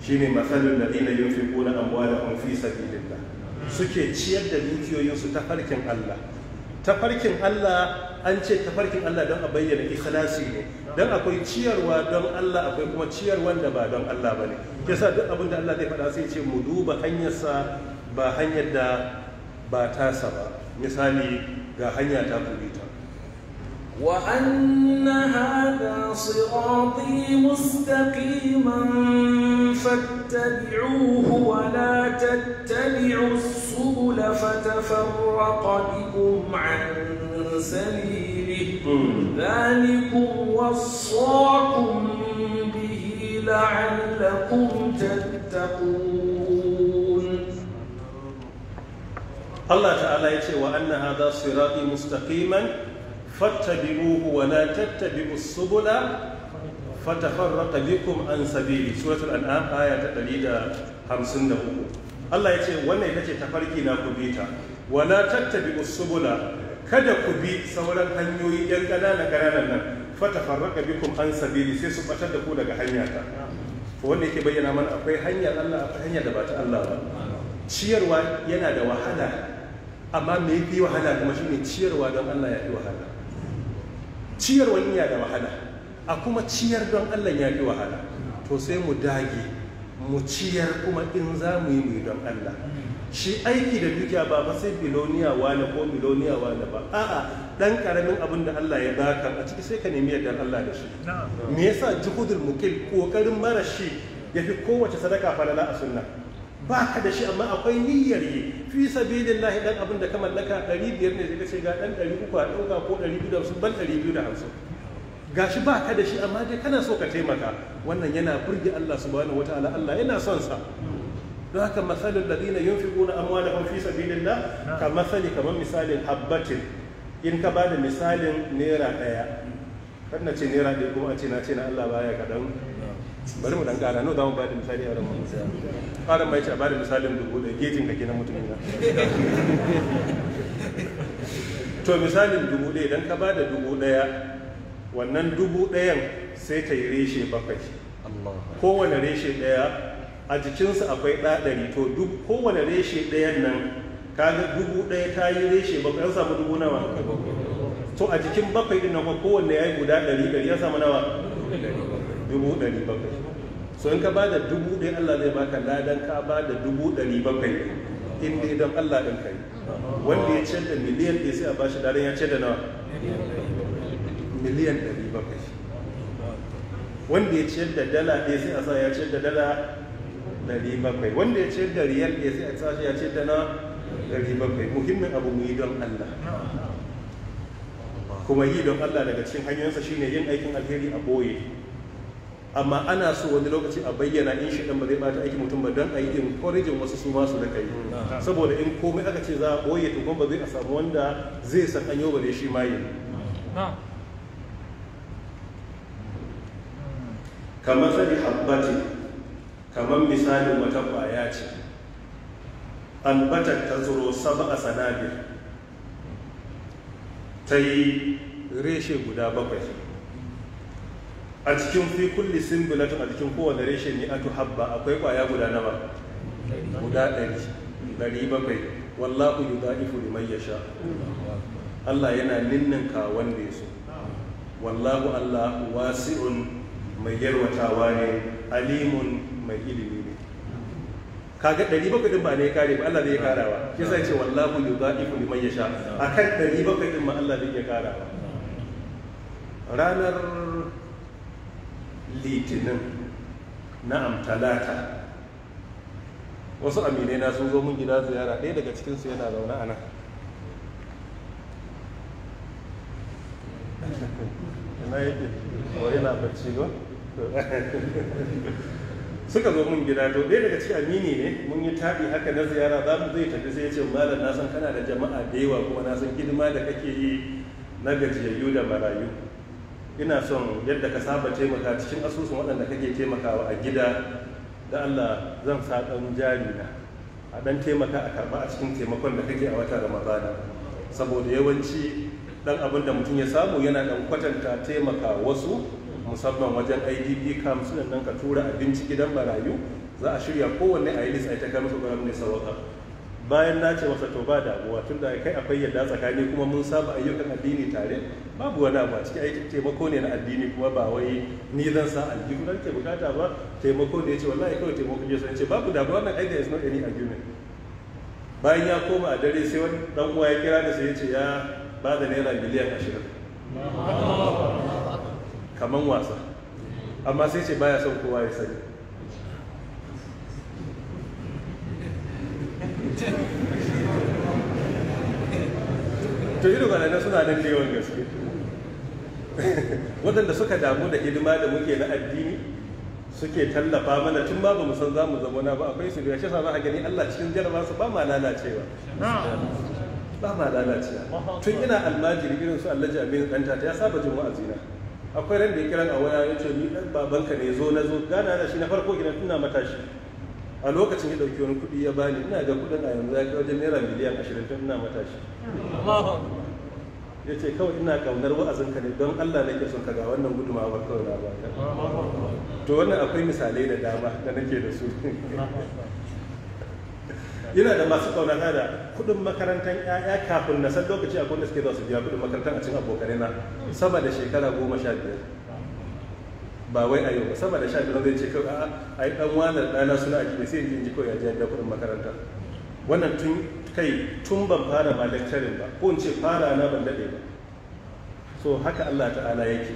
shine masalul ladina yunfiquna amwalahum fi sabilillah hmm. suke ciyar da dukiyoyinsu ta farkin Allah ta farkin Allah an ce tafarkin Allah don a bayyana ikhlasi ne don akwai ciyarwa don Allah akwai kuma ciyar wanda ba don Allah ba ne yasa duk abin da Allah zai faɗa sai ce mu duba hanyarsa ba hanyar da ba tasa ba misali ga hanya ta kubita وأن هذا صراطي مستقيما فاتبعوه ولا تتبعوا السبل فتفرق بكم عن سبيله ذلكم وصاكم به لعلكم تتقون الله تعالى يتي وأن هذا صراطي مستقيما فاتبعوه ولا تتبعوا السبل فتفرق بكم عن سبيلي سورة الأنعام آية 153 Allah ya ce wannan ita ce tafarki na ku bita wala tattabi usubula kada ku bi sauran hanyoyi yan ƙanana ƙananan nan fata farraka bikum an sabili sai su batar da ku daga hanya ta to wanda yake bayyana mana akwai hanyar Allah akwai hanyar da ba ta Allah ba ciyarwa yana da wahala amma me yafi wahala kuma shine ciyarwa don Allah ya fi wahala ciyarwa yana da wahala a kuma ciyar don Allah ya fi wahala to sai mu dage mu ciyar kuma in za mu yi mu don Allah shi aiki da dukiya ba fa sai biloniya wane ko biloniya wane ba a'a ɗan ƙaramin abin da Allah ya baka a ciki sai ka nemi yadda Allah da shi me yasa juhudul mukil kokarin mara shi yafi kowace sadaka falala a sunna ba ka da shi amma akwai niyyar yi fi sabilillahi dan abin da ka mallaka 500 ne sai ka ce ga dan 300 a dauka ko 250 ban 250 gashi ba ka da shi amma dai kana so ka taimaka wannan yana burge Allah subhanahu wataala Allah yana son sa don haka masalin ladina amma amwalahum fi sabilillah ka masali kamar misalin habbatin in ka bada misalin naira daya kan na ce naira ɗaya kuma a ce na ce na Allah baya kaɗan bari mu dan ƙara no za mu bada misali a ranar ƙaran bai ce a bada misalin dubu da gejin ka kenan mutum na to misalin dubu ɗaya idan ka bada dubu ɗaya wannan dubu ɗayan sai ka yi reshe bakwai kowane reshe ɗaya a jikinsu akwai ɗaɗari to duk kowane reshe ɗayan nan kaga dubu ɗaya ta yi reshe ba, ka samu dubu nawa to a jikin bakwai ɗin nan kowanne ya yi guda ɗari ɗari ya samu nawa dubu ɗari bakwai so in ka ba da dubu ɗaya Allah zai baka ladan ka ba da dubu ɗari bakwai in dai don Allah ɗin kai wanda ya ce da miliyan ɗaya sai a bashi ladan ya ce da nawa miliyan ɗari bakwai wanda ya ce da dala ɗaya sai a sa ya ce da dala 700 wanda ya ce da riyal ya sai a sashi ya ce dana na 700 muhimmin abu mu yi don Allah kuma yi don Allah daga cikin hanyoyinsa shine yin aikin alheri a boye amma ana so wani lokaci a bayyana in shi dan ba zai bata aiki mutum ba dan a yi encouraging wasu su masu da kai saboda in komai aka ce za a boye to kuma ba zai a samu wanda zai san an ba zai shi ma yi kamar sani habbati kamar misalin wata baya ce albatar ta zuro saba a sanabir ta yi reshe guda bakwai a cikin fi kulli simbilatun a cikin kowane reshe ne a habba akwai kwaya guda nawa guda ɗari ɗari bakwai wallahu yu da liman yasha Allah yana ninninka wanda ya so wallahu Allah wasi'un mai yarwatawa ne alimun mai ilimi ne kaga 700 ɗin ba ne kare ba Allah zai karawa yasa ce wallahu yudaifu liman yasha akan 700 ɗin ma Allah zai karawa ranar litinin na Amtalata. wasu aminai na sun zo mun gida ziyara ɗaya daga cikinsu yana zaune a nan ina yake ko yana bacci ba suka zo mun gida to ɗaya daga cikin amini ne mun yi taɗi haka na ziyara za mu zai tafi sai ya ce malam na san kana da jama'a da yawa kuma na san hidima da kake yi na gajiyayyu da marayu ina son yadda ka saba taimaka cikin asusun waɗanda kake taimakawa a gida da Allah zan sa ɗan jari na a ɗan taimaka a karɓa a cikin taimakon da kake a wata ramadana saboda yawanci ɗan abin da mutum ya samu yana ɗan kwatanta taimaka wasu musamman wajen idp camps din nan ka tura abinci gidan marayu za a shirya kowanne a yi list a yi ta kai musu ne sawaka bayan na ce masa to ba damuwa tun da kai akwai yadda tsakani kuma mun saba ayyukan addini tare babu wani abu a ciki ai taimako ne na addini kuma ba wai ni zan sa aljihu nan ke bukata ba taimako ne ya ce wallahi kawai taimako ya san ce babu damuwa nan ai da is not any argument bayan ya koma a dare sai wani dan uwa ya kira da sai ya ce ya ba da naira miliyan ashirin kaman wasa amma sai ce baya son kowa ya sani to irin na suna nan da yawan gaske waɗanda suka damu da hidima da muke na addini suke tallafa mana tun ba mu san za mu zama na ba akwai su da shi sa za a gani Allah cikin jaraba su ba ma lalacewa ba ma lalacewa tun ina almajiri irin su Allah jami'in ɗanta ta ya saba jin wa'azina akwai ran da ya kira a waya ya ce ni babanka ne zo na zo gana da shi na farko gina tuna matashi a lokacin ya ɗauki wani kuɗi ya bani ina ga kuɗin a yanzu ya kai wajen naira miliyan ashirin tun ina matashi ya ce kawai ina kaunar wa'azinka ne don Allah na nake son ka ga wannan gudumawar kawai na to wannan akwai misalai da dama da nake da su yana da masu kauna da kuɗin makarantar yaya kafin na san lokaci a wanda suke zuwa su biya kudin makarantar a cikin abokanai na sama da shekara goma sha biyar ba wai a yau sama da sha biyar zai ce kawai a yi dan wani ɗana suna ajiye sai in ji kawai a biya kudin makarantar wannan tun kai tun ban fara ba lecturing ba ko in ce fara na ban daɗe ba so haka Allah ta'ala yake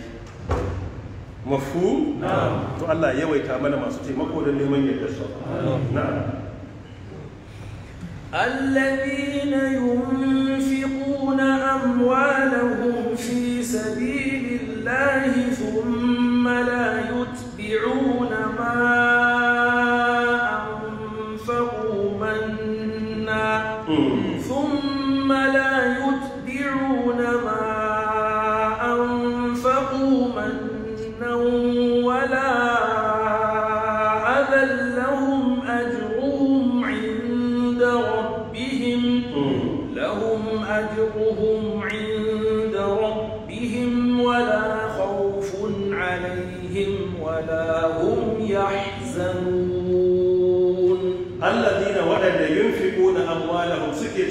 mafu Na'am. to Allah yawaita mana masu taimako da neman yadda su na'am الذين ينفقون أموالهم في سبيل الله ثم لا يؤمنون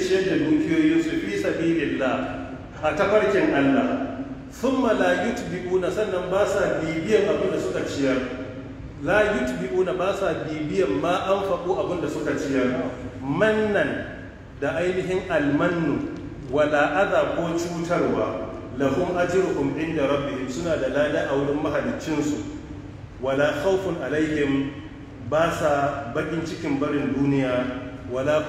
suke ciyar da dukiyoyinsu fi sabilillah a tafarkin Allah sun la yutbi'una sannan ba sa bibiyan abin da suka ciyar la yutbi'una ba sa bibiyan ma an faɓo abin da suka ciyar mannan da ainihin almannu wala aza ko cutarwa lahum ajruhum da rabbihim suna da lada a wurin mahaliccinsu wala khawfun alaihim ba sa bakin cikin barin duniya wala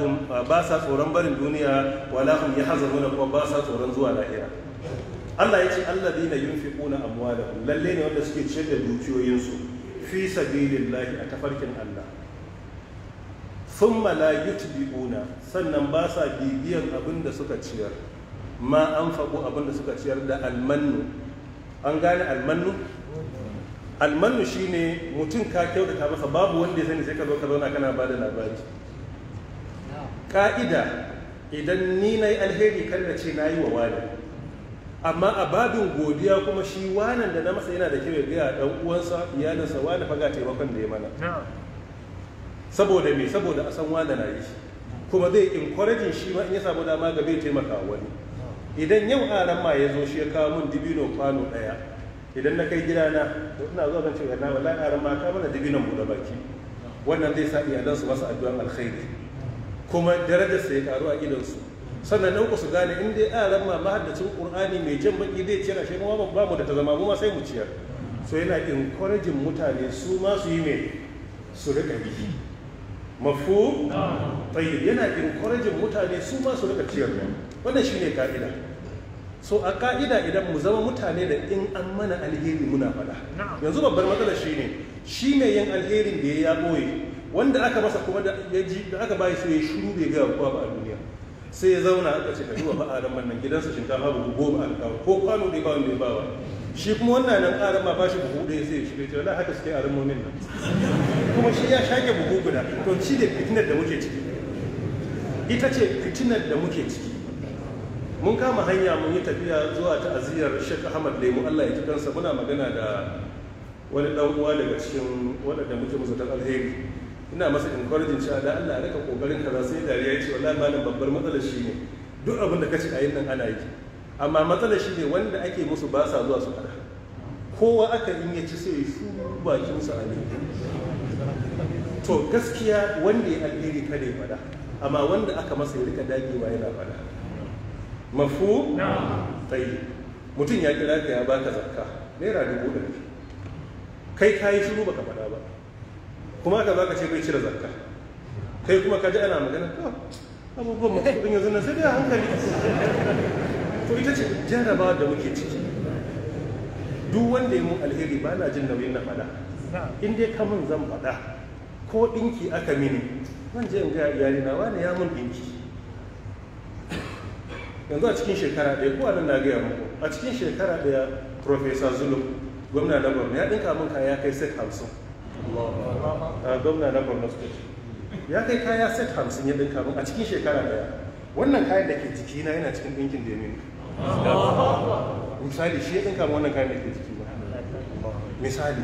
ba sa tsoron barin duniya ya haza nuna kuma ba sa tsoron zuwa lahira Allah ya ce allah amuwa da kun lalle ne wanda suke ce da dukiyoyinsu fi lahi a tafarkin Allah thumma bi yutbi'una sannan ba sa bibiyan abin da suka ciyar ma an faɓo abin da suka ciyar da almannu an gane almannu almannu shine mutum ka kyautata masa babu wanda ya sani sai ka zo ka zauna kana bada labari ka'ida idan ni na yi alheri kan ce na yi wa wani amma a babin godiya kuma shi wanan da na masa yana da kyau ya gaya dan uwansa iyalinsa wani faga taimakon da ya mana saboda me saboda a san wani na yi kuma zai encouraging shi ma in ya samu dama ga bai taimaka wani idan yau ran ma ya zo shi ya kawo min dibino kwano ɗaya, idan na kai gidana na ina zuwa zan ce na wallahi ran ma ka mana dibinon mu da baki wannan zai sa iyalansu masu addu'an alkhairi kuma darajar ya karu a su. sannan ku su gane in dai yaran ma mahaddacin ƙur'ani mai jan baki zai ciyar ashe kuma ba mu da ta zama kuma sai mu ciyar so yana encouraging mutane su ma su yi mai su rika bi mafu tayyib yana encouraging mutane su ma su rika ciyar ne wannan shine ka'ida so a ka'ida idan mu zama mutane da in an mana alheri muna faɗa yanzu babbar matsalar shine shine yin alherin da ya ya ɓoye wanda aka masa kuma da ya ji da aka bayi sai ya shiru bai ga kowa ba a duniya sai ya zauna aka ce ka ba fa adam nan gidansa shinkafa buhu ba aka kawo ko kwano dai ba wanda ya bawa shi kuma wannan nan aran ma bashi buhu ɗaya sai ya shiga ce wallahi haka suke aran momin nan kuma shi ya shage buhu guda to shi ne fitinar da muke ciki ita ce fitinar da muke ciki mun kama hanya mun yi tafiya zuwa ta'aziyar Sheikh Ahmad Lemu Allah ya ji kansa muna magana da wani dan uwa daga cikin waɗanda muke musu alheri ina masa encouraging cewa da Allah raka kokarin kaza sai dariya yace wallahi malam babbar matsalar shi ne duk abin da kace yin nan ana yi amma matsalar shi ne wanda ake musu ba sa zuwa su kada kowa aka in ya ci sai su bakin sa a to gaskiya wanda ya alheri kare fada amma wanda aka masa ya rika dagewa yana fada mafu tayi mutum ya kira ka ya baka zakka naira dubu kai kayi shiru baka fada ba kuma ka zo ka ce bai cire zakka kai kuma ka ji ana magana to abubuwan masu kudin yanzu na sai dai a hankali to ita ce jaraba da muke ciki duk wanda ya mun alheri ba na jin nauyin na faɗa in dai ka mun zan faɗa ko ɗinki aka mini zan je in ga iyalina wani ya mun ɗinki yanzu a cikin shekara ɗaya ko nan na gaya muku a cikin shekara ɗaya Profesa zulum gwamna na ya ɗinka mun kaya kai sai hamsin a gwamna na borno state ya kai kaya set hamsin ya ɗinka mun a cikin shekara daya wannan kayan da ke jikina yana cikin ɗinkin da misali shi ya ɗinka mun wannan kayan da ke jiki ba misali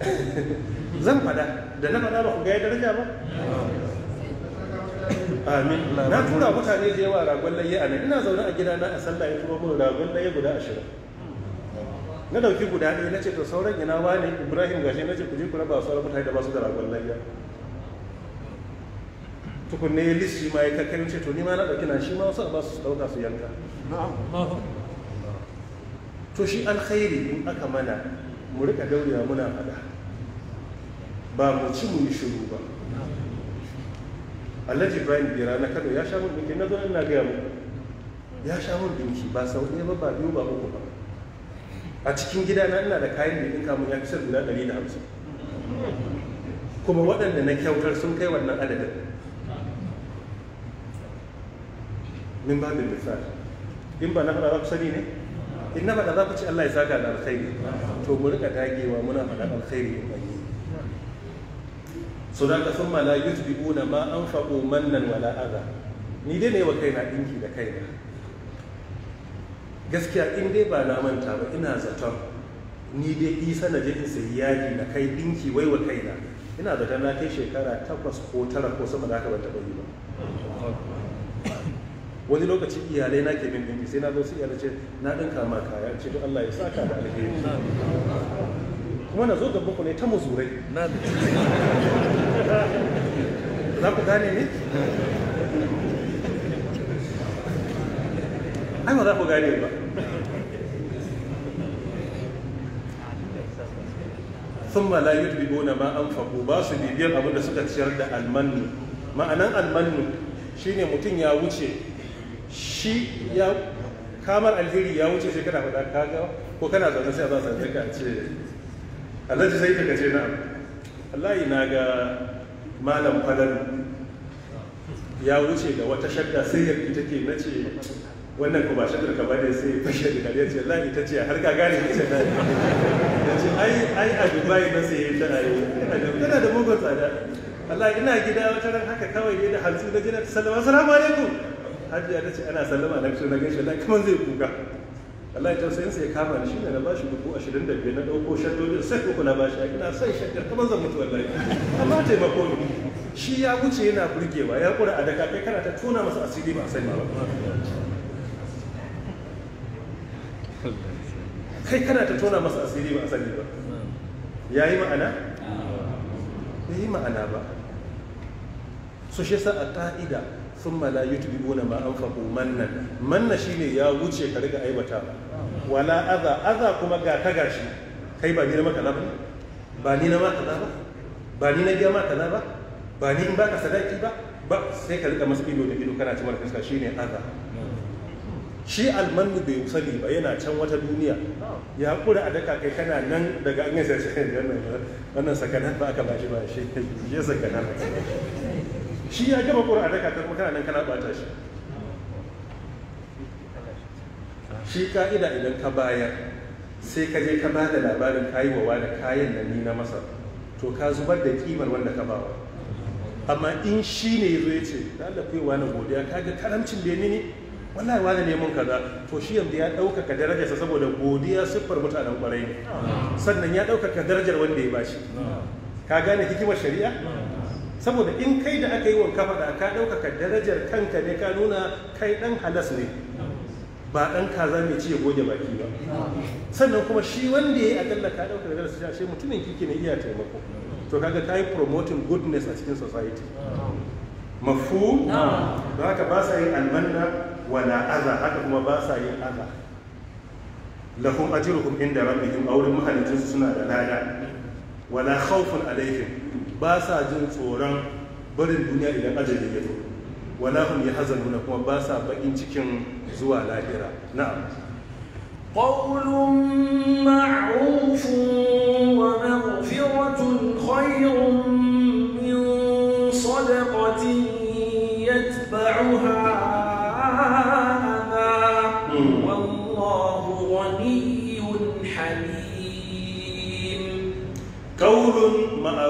zan fada da na fada ba ku ga daraja ba amin na tura mutane da yawa ragon laye a nan ina zaune a gidana a sallah ya turo mun ragon laye guda ashirin na dauki guda ɗaya na ce to sauran ina ne ibrahim gashi na ce ku je ku raba sauran mutane da basu da ragon layya tukunne ya lissi ma ya kakkarin ce to nima ma na ɗauki na shi ma wasu ba su ɗauka su yanka to shi alkhairi in aka mana mu rika daurewa muna faɗa ba mu ci mu yi shiru ba alhaji ibrahim bira na kano ya sha mun dinki na zo na gaya mu ya sha mun dinki ba sau ɗaya ba ba biyu ba uku ba a cikin gida na ina da kayan da ɗinka kamun ya fi shan guda ɗari da hamsin kuma waɗanda na kyautar sun kai wannan adadin min babin misali in ba na faɗa za ku sani ne in na faɗa za ku ci Allah ya saka da alkhairi to mu rika dagewa muna faɗa alkhairi in bayi yi so da ka yi la yutbi'una ma anfaqu mannan wala adha ni dai ne wa kaina dinki da kaina gaskiya in dai ba na manta ba ina zaton ni dai isa na je in sayi na kai dinki wai wa kaina ina zaton na kai shekara takwas ko tara ko sama da haka ban taɓa yi ba wani lokaci iyalai na ke min dinki sai na zo su iyalai ce na ɗin kama kaya ce don Allah ya saka da alheri kuma na zo gaban ku ne ta muzurai za ku gane ne ai ba za ku gane ba ثم لا يتبعون ما أنفقوا basu بيبير abin da suka ciyar da المن شيني متين يا وجه شي يا kamar alheri ya wuce sai kana faɗa kaga ko kana zaune sai a zasa sai ka ce alhaji sai ka ce na wallahi na ga malam falalu ya wuce da wata shadda sai yadda take nace wannan ko ba shakar ka bane sai fashe da kare ce la ita ce har ka gane ce na ya ce ai ai a dubai na sai ta rayu tana da mugun tsada Allah ina gida wata ran haka kawai ne da hantsi na jina salama assalamu alaikum hajiya ta ce ana salama na kusur na gaishe na kaman zai kuka Allah ya tausayin sa ya kama ni shine na bashi dubu ashirin da na ɗauko shaddodi sai uku na bashi ina sai shaddar kuma zan mutu wallahi amma taimako ni shi ya wuce yana burgewa ya kura a daka kai kana ta tona masa asiri ba sai ma ba kai kana ta tona masa asiri ba a sani ba hmm. ya yi ma'ana? ya ah. yi ma'ana ba su shi sa a ta'ida sun mala yi buna gona ma an faɓo mannan manna shi ne ya wuce ka riga aibata wala aza aza kuma ga ta gashi kai ba ni na maka ba ba ni na maka ba ba ni na biya maka ba ba ni in baka sadaki ba ba sai ka riga masu ido da ido kana cimar fuska shi ne aza shi almanu bai sani ba yana can wata duniya ya kura a daka kai kana nan daga an yasa shi wannan sakanan ba aka bashi ba shi ya sakanan shi ya gaba kura a daka kai kuma kana nan kana bata shi shi ka'ida idan ka bayar sai ka je ka ba da labarin kayiwawa da kayan nan ni na masa to ka zubar da kimar wanda ka bawa amma in shi ne ya zo ya ce da Allah kai wa na godiya kaga karamcin da ya ne? wallahi wani ne mun kaza to shi yanzu ya ɗaukaka darajarsa saboda godiya siffar mutanen ƙwarai ne sannan ya ɗaukaka darajar wanda ya bashi ka gane hikimar shari'a saboda in kai da aka yi wanka faɗa ka ɗaukaka darajar kanka ne ka nuna kai ɗan halas ne ba ɗan kaza mai ci goge baki ba sannan kuma shi wanda ya yi akalla ka ɗaukaka da sa shi mutumin kike ne iya taimako to kaga ka yi promoting goodness a cikin society mafu da haka ba sa yin almanna wala aza haka kuma ba sa yin aza lahum ajruhum inda rabbihim aurin mahalicin su suna da lada wala khawfun alaihim ba sa jin tsoron barin duniya idan ajali ya zo wala hum yahzanuna kuma ba sa bakin cikin zuwa lahira na'am قول معروف ومغفرة خير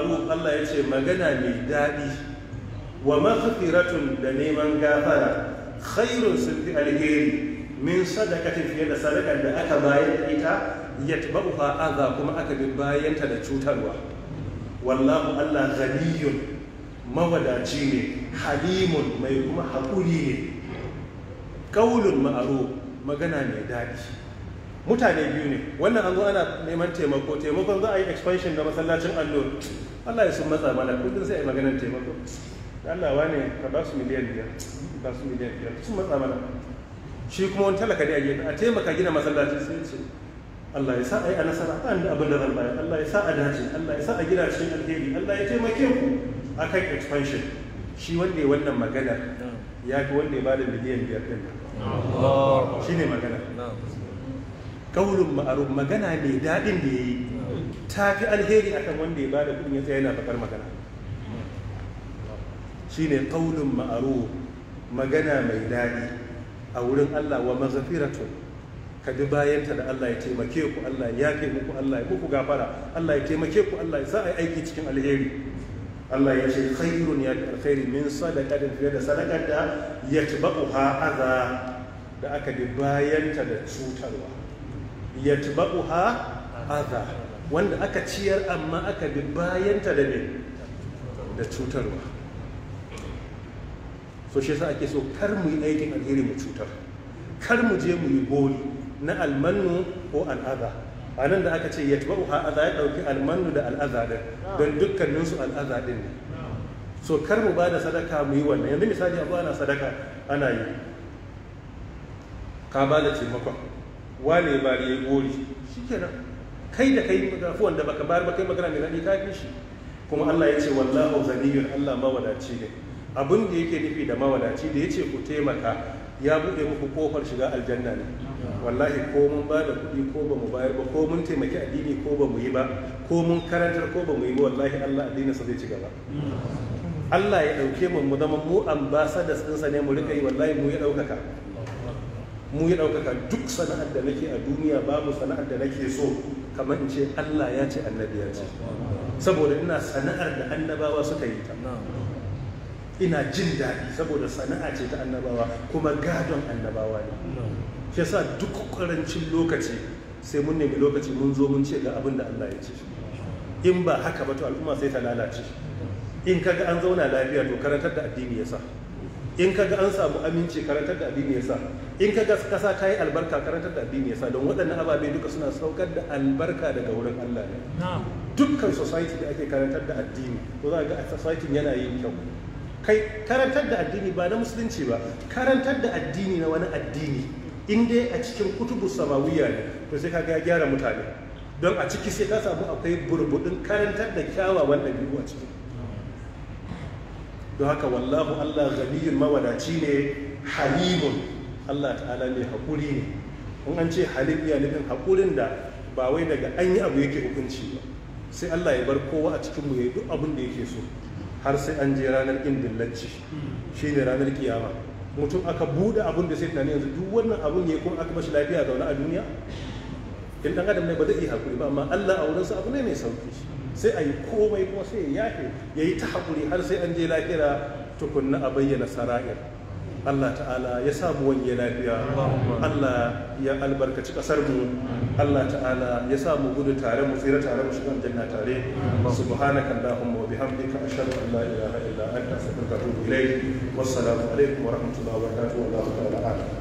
maruf Allah ya ce magana mai daɗi wa mafafiratun da neman gafara khairun sun fi alheri min sadakatin fiye da sadakar da aka bayar da ita yatba'uha adha kuma aka bi bayanta da cutarwa wallahu Allah ghaniyun mawadaci ne halimun mai kuma haƙuri ne ƙaunin ma'aru magana mai daɗi mutane biyu ne wannan an zo ana neman taimako taimakon za a yi expansion na masallacin allo Allah ya sun matsa mana kudin sai a yi maganar taimako Allah ne ka ba su miliyan biyar ba su miliyan biyar sun matsa mana shi kuma wani talaka ne a gefe a taimaka gina masallaci sai ce Allah ya sa a yi a nasara an da abin da zan bayar Allah ya sa a dace Allah ya sa a gina cikin alheri Allah ya taimake ku a kan expansion shi wanda ya wannan magana ya fi wanda ya ba da miliyan biyar ɗin shi ne magana kaulun ma'aruf magana mai daɗin da ya yi ta fi alheri akan wanda ya ba da kudin ya tsaye yana bakar magana Shi ne kaulun ma'aruf magana mai daɗi a wurin Allah wa mazafiratu ka bi bayanta da Allah ya taimake ku Allah ya yafe muku Allah ya kuku gafara Allah ya taimake ku Allah ya sa a aiki cikin alheri Allah ya ce khairun ya alkhairi min da fiye da sadakar da yatba'uha adha da aka bi bayanta da cutarwa yatba'uha adha wanda aka ciyar amma aka bi bayanta da ne da cutarwa so shi yasa ake so kar mu yi aikin alheri mu cutar kar mu je mu yi goli na almanu ko al'adha a nan da aka ce ya taɓa uha aza ya ɗauki almanu da al'aza din don dukkaninsu al'aza din ne so kar mu ba da sadaka mu yi wannan yanzu misali abu ana sadaka ana yi ka ba da taimakon wane da ya gori shi kenan kai da kai afuwan da baka bayar ba kai magana mai daɗi ka fi shi kuma Allah ya ce wallahu zaniyun Allah mawadaci ne abin da yake nufi da mawadaci da ya ce ku taimaka ya buɗe muku kofar shiga aljanna ne wallahi ko mun ba da kuɗi ko ba mu bayar ba ko mun taimaki addini ko ba mu yi ba ko mun karantar ko ba mu yi ba wallahi Allah addinin sa zai ci gaba Allah ya ɗauke mu mu zama mu ambassadors ɗinsa ne mu rika yi wallahi mu ya ɗaukaka mu ya ɗaukaka duk sana'ar da nake a duniya babu sana'ar da nake so kamar in ce Allah ya ce annabi ya ce saboda ina sana'ar da annabawa suka yi ta ina jin daɗi saboda sana'a ce ta annabawa kuma gadon annabawa ne shi sa duk ƙarancin lokaci sai mun nemi lokaci mun zo mun ce ga abin da Allah ya ce in ba haka ba to al'umma sai ta lalace in kaga an zauna lafiya to karantar da addini ya sa in ka ga an samu aminci karantar da addini yasa in ka ga kasa ta yi albarka karantar da addini yasa don waɗannan ababe duka suna saukar da albarka daga wurin Allah ne dukkan society da ake karantar da addini ko za ga society yana yin kyau kai karantar da addini ba na musulunci ba karantar da addini na wani addini in dai a cikin kutubu samawiya ne to sai kaga ya gyara mutane don a ciki sai ka samu akwai burbudin karantar da kyawawan ɗabi'u a ciki don haka wallahu Allah ganiyun mawadaci ne halimun Allah ta'ala mai haƙuri ne in an ce halim ya nufin haƙurin da ba wai daga an yi abu yake hukunci ba sai Allah ya bar kowa a cikin mu ya duk abin da yake so har sai an je ranar shi shine ranar kiyama mutum aka buɗe abin da sai tunani yanzu duk wannan abin ya kuma aka bashi lafiya zaune a duniya in dan adam ne ba zai iya haƙuri ba amma Allah a wurinsa abu ne mai sauki sai a yi komai ko sai ya yafe ya yi ta haƙuri har sai an je lafiya tukunna a bayyana sara'ir Allah ta'ala ya samu wanye lafiya Allah ya albarkaci ƙasar mu Allah ta'ala ya samu gudu tare mu tsira tare mu shiga aljanna tare subhanaka allahumma wa bihamdika ashhadu an la ilaha illa anta astaghfiruka wa atubu ilayk wassalamu alaikum wa rahmatullahi wa barakatuh ta'ala